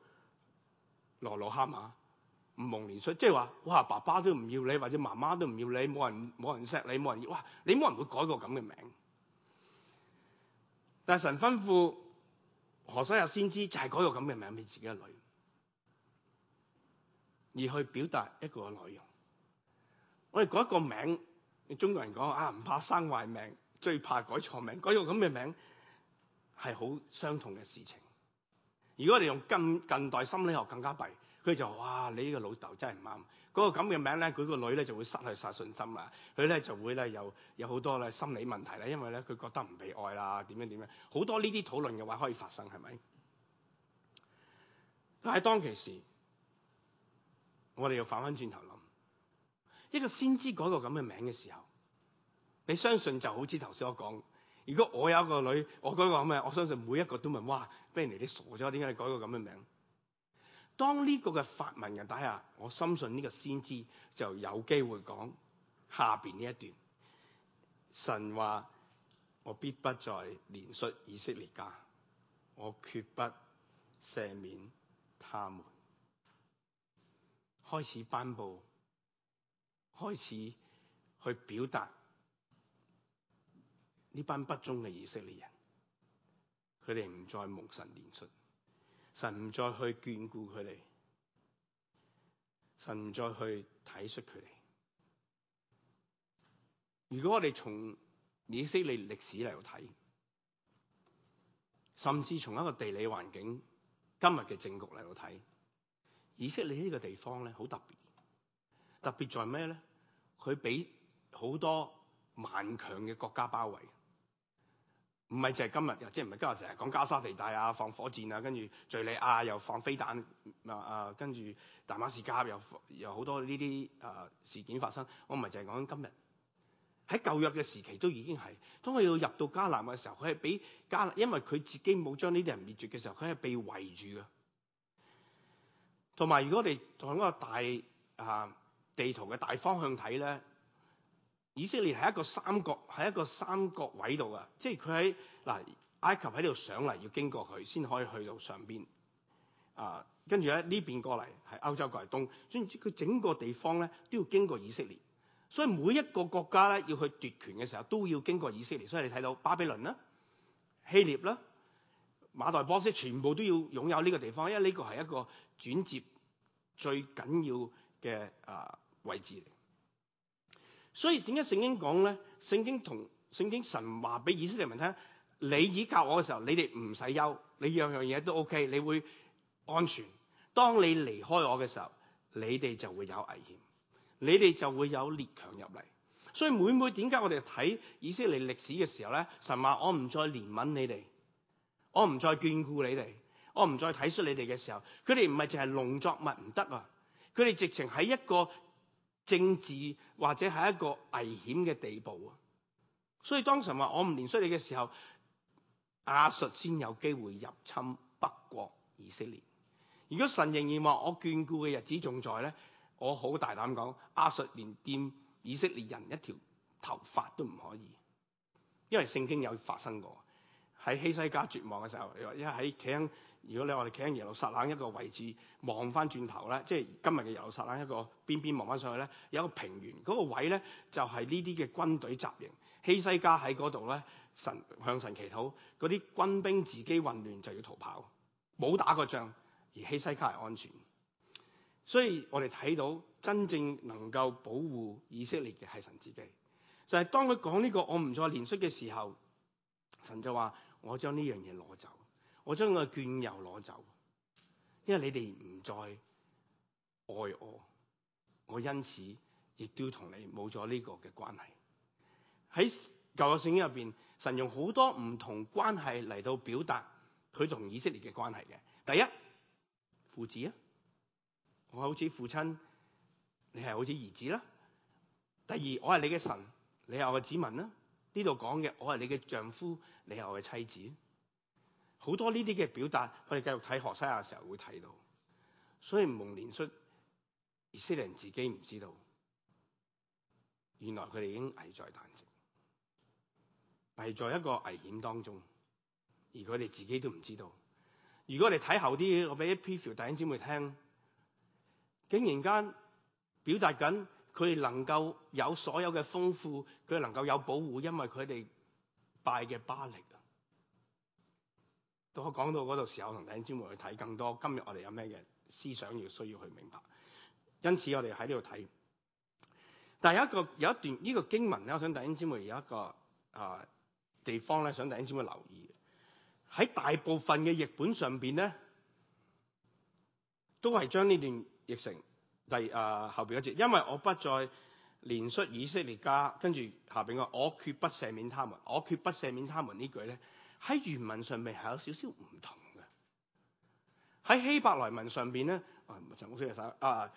羅羅哈馬，唔蒙憐恤。即係話哇！爸爸都唔要你，或者媽媽都唔要你，冇人冇人錫你，冇人要哇！你冇人會改個咁嘅名。但係神吩咐何西阿先知，就係、是、改個咁嘅名俾自己嘅女。而去表達一個內容，我哋改一個名，中國人講啊，唔怕生壞命，最怕改錯名，改個咁嘅名係好相同嘅事情。如果我哋用近近代心理學更加弊，佢就話哇，你呢個老豆真係唔啱，嗰個咁嘅名咧，佢個女咧就會失去曬信心啊，佢咧就會咧有有好多咧心理問題咧，因為咧佢覺得唔被愛啊，點樣點樣，好多呢啲討論嘅話可以發生係咪？但係當其時。我哋又反翻轉頭諗，一個先知改個咁嘅名嘅時候，你相信就好似頭先我講，如果我有一個女，我改個咁嘅，我相信每一個都問：哇，不如你傻咗？點解你改個咁嘅名？當呢個嘅法文人底下，我深信呢個先知就有機會講下邊呢一段。神話我必不再憐恤以色列家，我決不赦免他們。開始頒布，開始去表達呢班不忠嘅以色列人，佢哋唔再蒙神憐恤，神唔再去眷顧佢哋，神唔再去體恤佢哋。如果我哋從以色列歷史嚟度睇，甚至從一個地理環境今日嘅政局嚟度睇。以色列呢個地方咧，好特別。特別在咩咧？佢俾好多頑強嘅國家包圍。唔係淨係今日，即係唔係今日成日講加沙地帶啊，放火箭啊，跟住敍利亞又放飛彈啊啊，跟、啊、住大馬士革又又好多呢啲啊事件發生。我唔係淨係講緊今日。喺舊約嘅時期都已經係，當佢要入到迦南嘅時候，佢係俾迦南，因為佢自己冇將呢啲人滅絕嘅時候，佢係被圍住㗎。同埋，如果你同從嗰個大啊地圖嘅大方向睇咧，以色列係一個三角，係一個三角位度啊。即係佢喺嗱埃及喺呢度上嚟，要經過佢先可以去到上邊啊。跟住咧呢邊過嚟係歐洲過嚟東，所以佢整個地方咧都要經過以色列。所以每一個國家咧要去奪權嘅時候，都要經過以色列。所以你睇到巴比倫啦、啊、希臘啦、啊。馬代波斯全部都要擁有呢個地方，因為呢個係一個轉接最緊要嘅啊位置。所以點解聖經講呢？聖經同聖經神話俾以色列人聽，你倚靠我嘅時候，你哋唔使憂，你樣樣嘢都 OK，你會安全。當你離開我嘅時候，你哋就會有危險，你哋就會有列強入嚟。所以每每點解我哋睇以色列歷史嘅時候呢，神話我唔再憐憫你哋。我唔再眷顧你哋，我唔再體恤你哋嘅時候，佢哋唔係淨係農作物唔得啊，佢哋直情喺一個政治或者係一個危險嘅地步啊。所以當神話我唔憐恤你嘅時候，亞述先有機會入侵北國以色列。如果神仍然話我眷顧嘅日子仲在咧，我好大膽講，亞述連掂以色列人一條頭髮都唔可以，因為聖經有發生過。喺希西家絕望嘅時候，你話喺企如果你我哋企喺耶路撒冷一個位置望翻轉頭咧，即係今日嘅耶路撒冷一個邊邊望翻上去咧，有一個平原，嗰、嗰個位咧就係呢啲嘅軍隊集營。希西家喺嗰度咧，神向神祈禱，嗰啲軍兵自己混亂就要逃跑，冇打過仗而希西家係安全。所以我哋睇到真正能夠保護以色列嘅係神自己，就係、係、當佢講呢個我唔再憐憫嘅時候，神就話。我將呢樣嘢攞走，我將個眷佑攞走，因為你哋唔再愛我，我因此亦都要同你冇咗呢個嘅關係。喺舊約聖經入邊，神用好多唔同關係嚟到表達佢同以色列嘅關係嘅。第一父子啊，我好似父親，你係好似兒子啦。第二我係你嘅神，你係我嘅子民啦。呢度講嘅，我係你嘅丈夫，你係我嘅妻子。好多呢啲嘅表達，我哋繼續睇何西阿嘅時候會睇到。所以蒙連出，以色列人自己唔知道，原來佢哋已經危在旦夕，危在一個危險當中，而佢哋自己都唔知道。如果你睇後啲嘢，我俾一 P feel 弟兄姊妹聽，竟然間表達緊。佢哋能夠有所有嘅豐富，佢哋能夠有保護，因為佢哋拜嘅巴力啊。到我講到嗰度時候，同弟兄姐妹去睇更多。今日我哋有咩嘅思想要需要去明白。因此我哋喺呢度睇。但係有、這個、有一個有一段呢個經文咧，我想弟兄姐妹有一個啊地方咧，想弟兄姐妹留意。喺大部分嘅譯本上邊咧，都係將呢段譯成。第啊、呃、後邊嗰節，因為我不再憐憫以色列家，跟住下邊個我決不赦免他們，我決不赦免他們呢句咧，喺原文上面係有少少唔同嘅。喺希伯來文上邊咧、啊，陳牧師嘅手啊，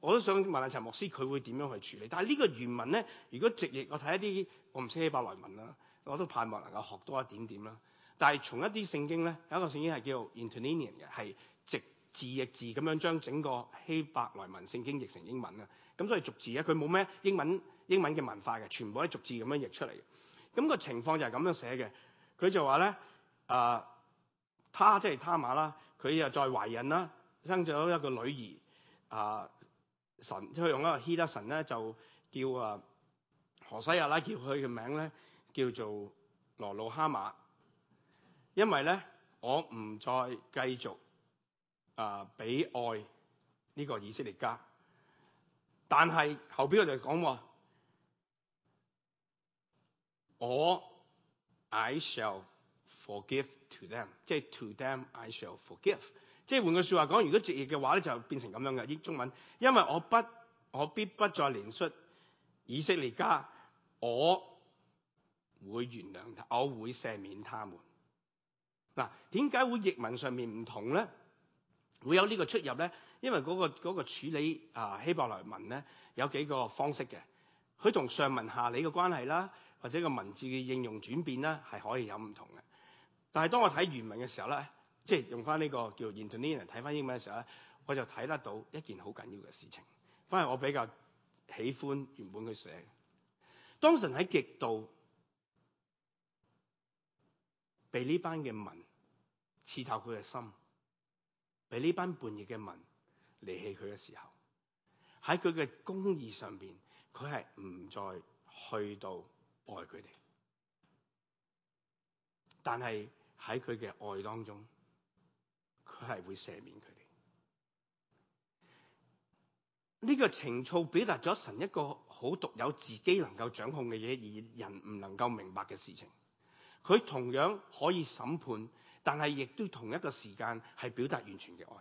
我都想問下陳牧師佢會點樣去處理？但係呢個原文咧，如果直譯，我睇一啲我唔識希伯來文啦，我都盼望能夠學多一點點啦。但係從一啲聖經咧，有一個聖經係叫 Interlinear 嘅，係直。字譯字咁樣將整個希伯來文聖經譯成英文啊，咁所以逐字咧，佢冇咩英文英文嘅文化嘅，全部都係逐字咁樣譯出嚟。咁、那個情況就係咁樣寫嘅。佢就話咧啊，他即係他瑪啦，佢又再懷孕啦，生咗一個女兒啊，神即係用一個希拉神咧，就叫啊何西阿啦，叫佢嘅名咧叫做羅路哈瑪，因為咧我唔再繼續。啊！俾愛呢、呢個以色列家，但係後邊我就講喎，我 I shall forgive to them，即係 to them I shall forgive，即係換句說話講，如果直譯嘅話咧，就變成咁樣嘅。依中文，因為我不，我必不再憐恤以色列家，我會原諒，我會赦免他們。嗱、啊，點解會譯文上面唔同咧？會有呢個出入咧，因為嗰、那個嗰、那個、處理啊希伯來文咧有幾個方式嘅，佢同上文下理嘅關係啦，或者個文字嘅應用轉變啦，係可以有唔同嘅。但係當我睇原文嘅時候咧，即係用翻、這、呢個叫 intentional 睇翻英文嘅時候咧，我就睇得到一件好緊要嘅事情，反而我比較喜歡原本佢寫。當神喺極度被呢班嘅文刺透佢嘅心。喺呢班叛逆嘅民離棄佢嘅時候，喺佢嘅公義上邊，佢係唔再去到愛佢哋。但係喺佢嘅愛當中，佢係會赦免佢哋。呢、這個情操表達咗神一個好獨有自己能夠掌控嘅嘢，而人唔能夠明白嘅事情，佢同樣可以審判。但係，亦都同一個時間係表達完全嘅愛。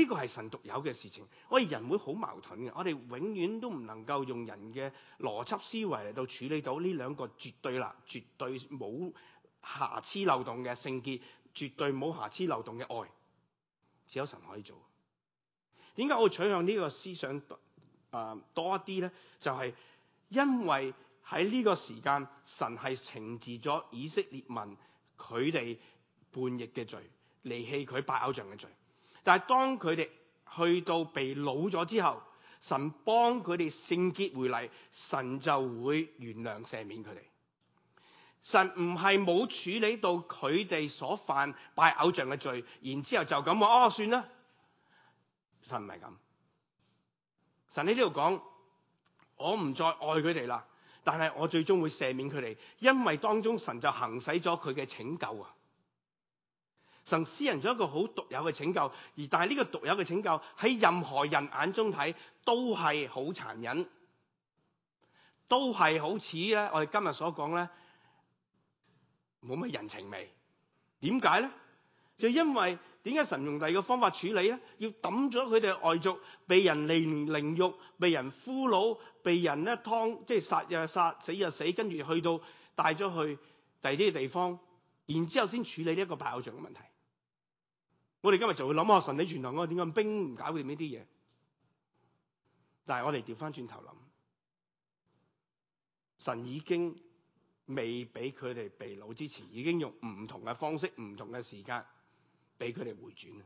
呢個係神獨有嘅事情。我哋人會好矛盾嘅。我哋永遠都唔能夠用人嘅邏輯思維嚟到處理到呢兩個絕對啦，絕對冇瑕疵漏洞嘅聖潔，絕對冇瑕疵漏洞嘅愛。只有神可以做。點解我會取向呢個思想啊多一啲呢？就係因為喺呢個時間，神係懲治咗以色列民。佢哋叛逆嘅罪，離棄佢拜偶像嘅罪。但係當佢哋去到被老咗之後，神幫佢哋聖潔回嚟，神就會原諒赦免佢哋。神唔係冇處理到佢哋所犯拜偶像嘅罪，然之後就咁話，哦，算啦。神唔係咁。神喺呢度講，我唔再愛佢哋啦。但係我最終會赦免佢哋，因為當中神就行使咗佢嘅拯救啊！神私人咗一個好獨有嘅拯救，而但係呢個獨有嘅拯救喺任何人眼中睇都係好殘忍，都係好似咧我哋今日所講咧冇乜人情味。點解咧？就因為點解神用第二個方法處理咧？要抌咗佢哋外族，被人凌凌辱，被人俘虜，被人一劏，即係殺又殺死又死，跟住去到帶咗去第二啲嘅地方，然之後先處理呢一個爆仗嘅問題。我哋今日就會諗下神喺傳統嗰點解兵唔搞掂呢啲嘢？但係我哋調翻轉頭諗，神已經未俾佢哋被擄之前，已經用唔同嘅方式、唔同嘅時間。俾佢哋回轉啊！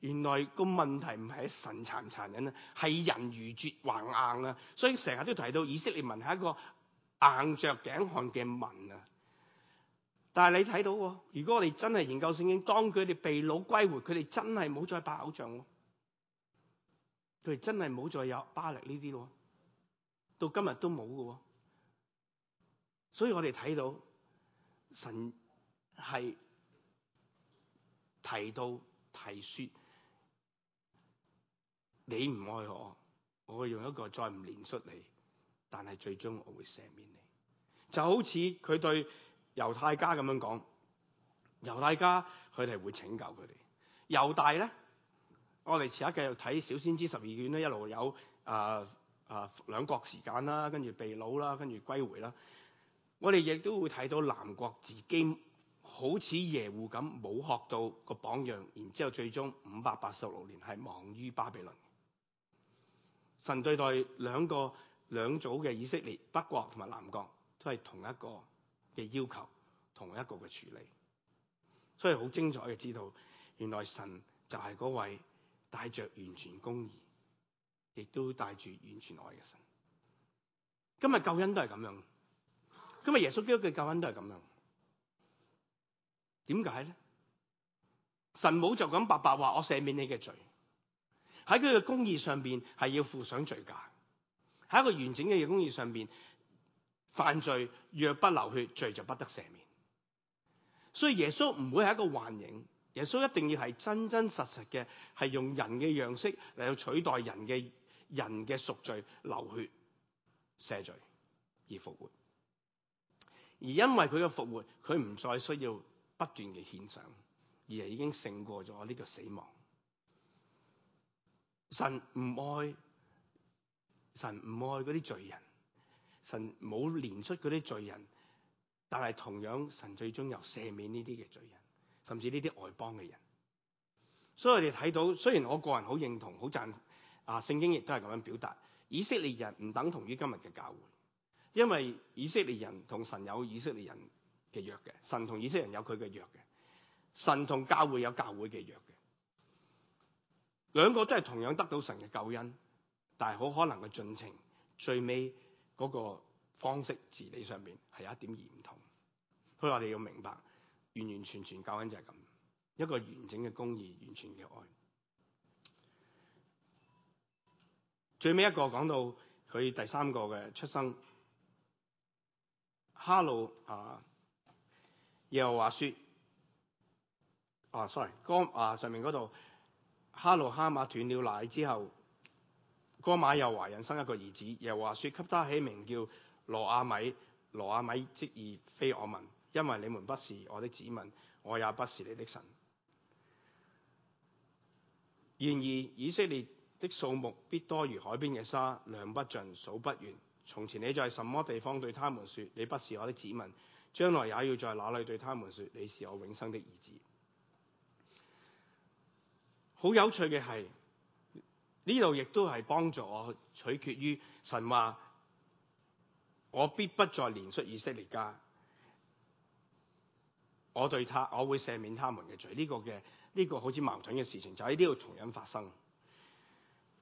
原來個問題唔係神殘唔殘忍啊，係人如絕橫硬啊！所以成日都提到以色列民係一個硬着頸項嘅民啊！但係你睇到，如果我哋真係研究聖經，當佢哋被擄歸回，佢哋真係冇再拜偶像咯，佢哋真係冇再有巴力呢啲咯，到今日都冇嘅。所以我哋睇到神係。提到提說你唔愛我，我會用一個再唔憐恤你，但係最終我會赦免你。就好似佢對猶太家咁樣講，猶太家佢哋會拯救佢哋。猶大咧，我哋遲刻繼續睇小先知十二卷咧，一路有啊啊、呃呃、兩國時間啦，跟住被擄啦，跟住歸回啦。我哋亦都會睇到南國自今。好似耶戶咁冇學到個榜樣，然之後最終五百八十六年係亡於巴比倫。神對待兩個兩組嘅以色列，北國同埋南國，都係同一個嘅要求，同一個嘅處理，所以好精彩嘅知道，原來神就係嗰位帶着完全公義，亦都帶住完全愛嘅神。今日救恩都係咁樣，今日耶穌基督嘅救恩都係咁樣。點解咧？神冇就咁白白話我赦免你嘅罪，喺佢嘅公義上邊係要付上罪價。喺一個完整嘅公義上邊，犯罪若不流血，罪就不得赦免。所以耶穌唔會係一個幻影，耶穌一定要係真真實實嘅，係用人嘅樣式嚟到取代人嘅人嘅贖罪流血赦罪而復活。而因為佢嘅復活，佢唔再需要。不斷嘅獻上，而係已經勝過咗呢個死亡。神唔愛，神唔愛嗰啲罪人，神冇連出嗰啲罪人，但係同樣神最終又赦免呢啲嘅罪人，甚至呢啲外邦嘅人。所以我哋睇到，雖然我個人好認同、好贊，啊聖經亦都係咁樣表達，以色列人唔等同於今日嘅教會，因為以色列人同神有以色列人。嘅約嘅，神同以色列人有佢嘅約嘅，神同教會有教會嘅約嘅，兩個都係同樣得到神嘅救恩，但係好可能嘅進程，最尾嗰個方式治理上面係有一點而唔同。所以話你要明白，完完全全救恩就係咁，一個完整嘅公義、完全嘅愛。最尾一個講到佢第三個嘅出生，哈路啊。又話說，啊，sorry，哥啊，上面嗰度，哈路哈馬斷了奶之後，哥瑪又懷孕生一個兒子，又話說給他起名叫羅亞米，羅亞米，即爾非我民，因為你們不是我的子民，我也不是你的神。然而以色列的數目必多如海邊嘅沙，量不盡，數不完。從前你在什麼地方對他們說你不是我的子民？將來也要在那裡對他們說：你是我永生的兒子。好有趣嘅係，呢度亦都係幫助我取決於神話，我必不再憐憫以色列家，我對他我會赦免他們嘅罪。呢個嘅呢個好似矛盾嘅事情就喺呢度同樣發生。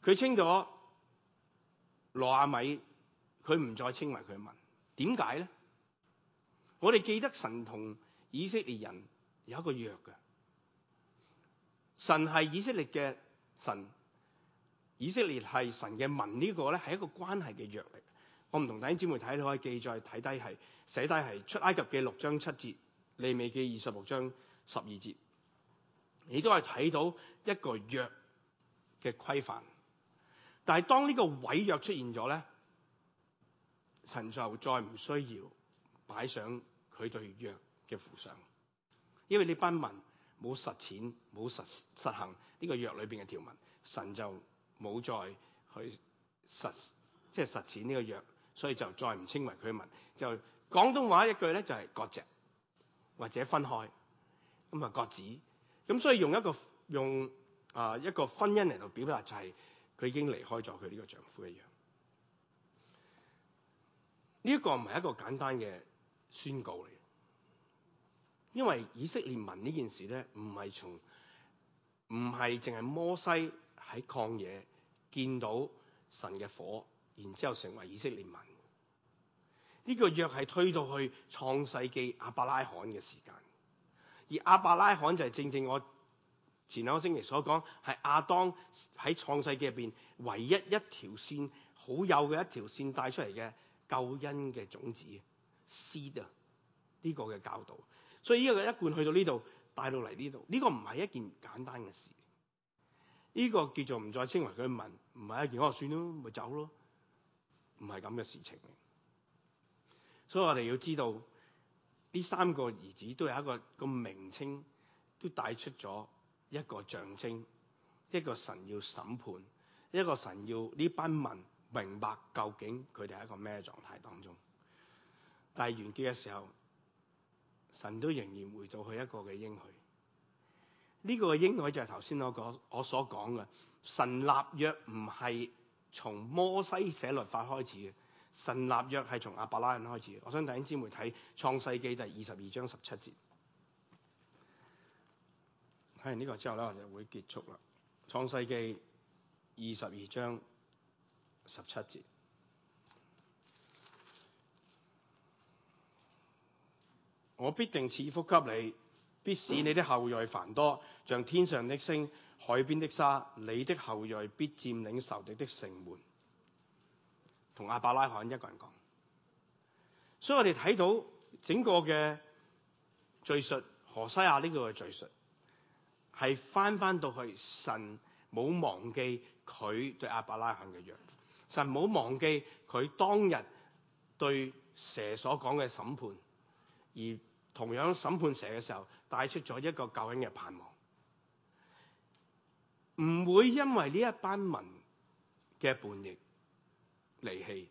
佢稱咗羅阿米，佢唔再稱為佢民，點解咧？我哋記得神同以色列人有一個約嘅，神係以色列嘅神，以色列係神嘅民，呢個咧係一個關係嘅約嚟。我唔同弟兄姊妹睇到可以記載，睇低係寫低係出埃及嘅六章七節，利未記二十六章十二節，你都係睇到一個約嘅規範。但係當呢個毀約出現咗咧，神就再唔需要。擺上佢對約嘅符上，因為呢班民冇實踐冇實實行呢個約裏邊嘅條文，神就冇再去實即係、就是、實踐呢個約，所以就再唔稱為佢民。就廣東話一句咧，就係割席或者分開咁啊割子。咁所以用一個用啊一個婚姻嚟到表達，就係佢已經離開咗佢呢個丈夫一樣。呢、這、一個唔係一個簡單嘅宣告嚟，因為以色列民呢件事咧，唔係從唔係淨係摩西喺曠野見到神嘅火，然之後成為以色列民。呢、這個約係推到去創世紀阿伯拉罕嘅時間，而阿伯拉罕就係正正我前兩個星期所講係亞當喺創世紀入邊唯一一條線好幼嘅一條線帶出嚟嘅救恩嘅種子。私啊呢個嘅教導，所以呢個一貫去到呢度帶到嚟呢度，呢個唔係一件簡單嘅事。呢個叫做唔再稱為佢民，唔係一件我算咯，咪走咯，唔係咁嘅事情。所以我哋要知道呢三個兒子都有一個一個名稱，都帶出咗一個象徵，一個神要審判，一個神要呢班民明白究竟佢哋係一個咩狀態當中。但係完結嘅時候，神都仍然會做佢一個嘅應許。呢、這個嘅應許就係頭先我講我所講嘅。神立約唔係從摩西寫律法開始嘅，神立約係從亞伯拉罕開始。我想弟兄姊妹睇創世紀第二十二章十七節。睇完呢個之後咧，我就會結束啦。創世紀二十二章十七節。我必定賜福給你，必使你的後裔繁多，像天上的星、海邊的沙。你的後裔必佔領仇敵的城門。同亞伯拉罕一個人講，所以我哋睇到整個嘅敘述，何西阿呢個嘅敘述，係翻翻到去神冇忘記佢對亞伯拉罕嘅約，神冇忘記佢當日對蛇所講嘅審判，而同樣審判社嘅時候，帶出咗一個救恩嘅盼望。唔會因為呢一班民嘅叛逆離棄，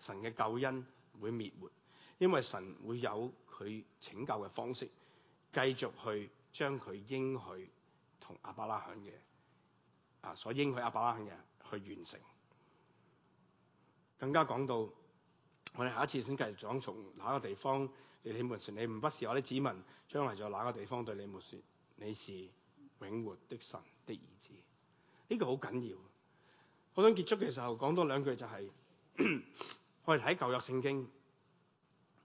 神嘅救恩會滅活，因為神會有佢拯救嘅方式，繼續去將佢應許同亞伯拉罕嘅啊所應許亞伯拉罕嘅去完成。更加講到，我哋下一次先繼續講，從哪個地方？你哋說你唔不是我的子民，將來在哪個地方對你哋說你是永活的神的兒子？呢個好緊要。我想結束嘅時候講多兩句，就是，就係我哋睇舊約聖經，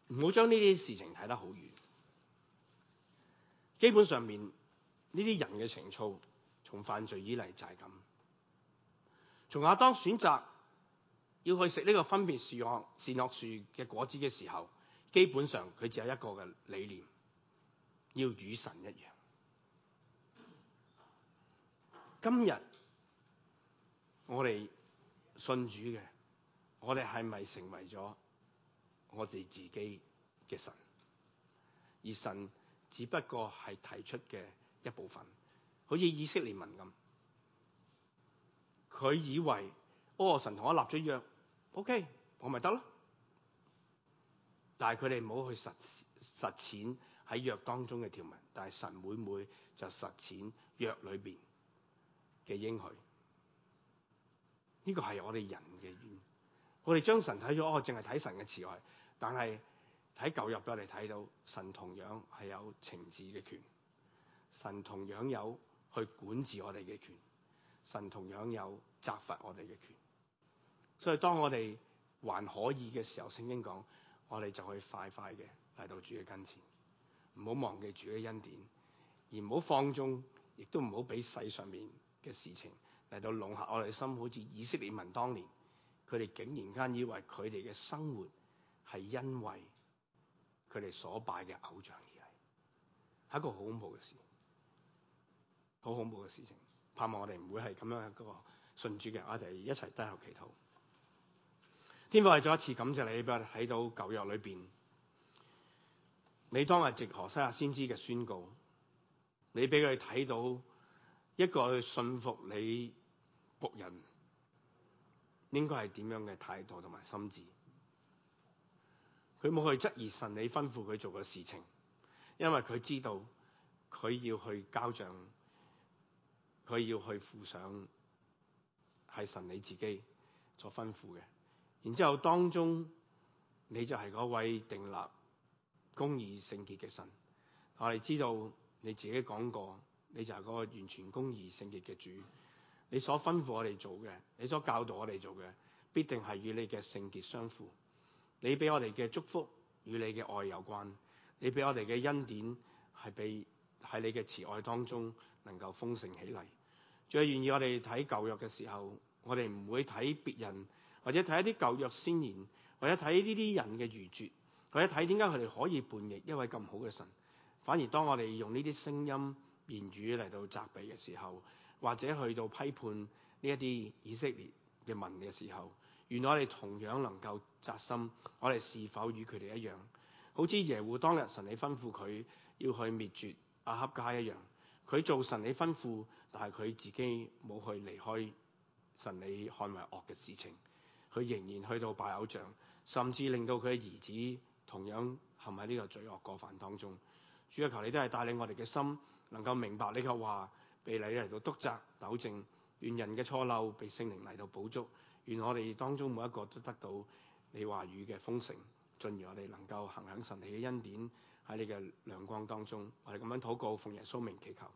唔好將呢啲事情睇得好遠。基本上面呢啲人嘅情操，從犯罪以嚟就係咁。從亞當選擇要去食呢個分別樹、惡善惡樹嘅果子嘅時候。基本上佢只有一個嘅理念，要與神一樣。今日我哋信主嘅，我哋係咪成為咗我哋自己嘅神？而神只不過係提出嘅一部分，好似以色列民咁，佢以為哦，神同我立咗約，OK，我咪得咯。但係佢哋冇去實實踐喺約當中嘅條文，但係神會唔會就實踐約裏邊嘅應許？呢個係我哋人嘅軟。我哋將神睇咗哦，淨係睇神嘅慈愛，但係喺舊約俾我哋睇到，神同樣係有懲治嘅權，神同樣有去管治我哋嘅權，神同樣有責罰我哋嘅權。所以當我哋還可以嘅時候，聖經講。我哋就可以快快嘅嚟到主嘅跟前，唔好忘記主嘅恩典，而唔好放縱，亦都唔好俾世上面嘅事情嚟到籠絡我哋心，好似以色列民當年，佢哋竟然間以為佢哋嘅生活係因為佢哋所拜嘅偶像而嚟，係一個好恐怖嘅事，好恐怖嘅事情。盼望我哋唔會係咁樣一個信主嘅，我哋一齊低頭祈禱。天父為再一次感謝你，俾佢睇到舊約裏邊，你當日直何西阿先知嘅宣告，你俾佢睇到一個去信服你僕人應該係點樣嘅態度同埋心智。佢冇去質疑神你吩咐佢做嘅事情，因為佢知道佢要去交賬，佢要去附上係神你自己所吩咐嘅。然之後，當中你就係嗰位定立公義聖潔嘅神。我哋知道你自己講過，你就係個完全公義聖潔嘅主。你所吩咐我哋做嘅，你所教導我哋做嘅，必定係與你嘅聖潔相符。你俾我哋嘅祝福與你嘅愛有關。你俾我哋嘅恩典係俾喺你嘅慈愛當中能夠豐盛起嚟。最願意我哋睇舊約嘅時候，我哋唔會睇別人。或者睇一啲舊約先賢，或者睇呢啲人嘅愚拙，或者睇點解佢哋可以叛逆一位咁好嘅神。反而當我哋用呢啲聲音言語嚟到責備嘅時候，或者去到批判呢一啲以色列嘅民嘅時候，原來我哋同樣能夠紮心，我哋是否與佢哋一樣？好似耶戶當日神理吩咐佢要去滅絕亞哈家一樣，佢做神理吩咐，但係佢自己冇去離開神理看為惡嘅事情。佢仍然去到拜偶像，甚至令到佢嘅兒子同樣陷喺呢個罪惡過犯當中。主要求你都係帶領我哋嘅心，能夠明白你嘅話，被你嚟到督責糾正，願人嘅錯漏被聖靈嚟到補足，願我哋當中每一個都得到你話語嘅豐盛，進而我哋能夠行響神嘅恩典喺你嘅亮光當中。我哋咁樣禱告，奉耶穌名祈求。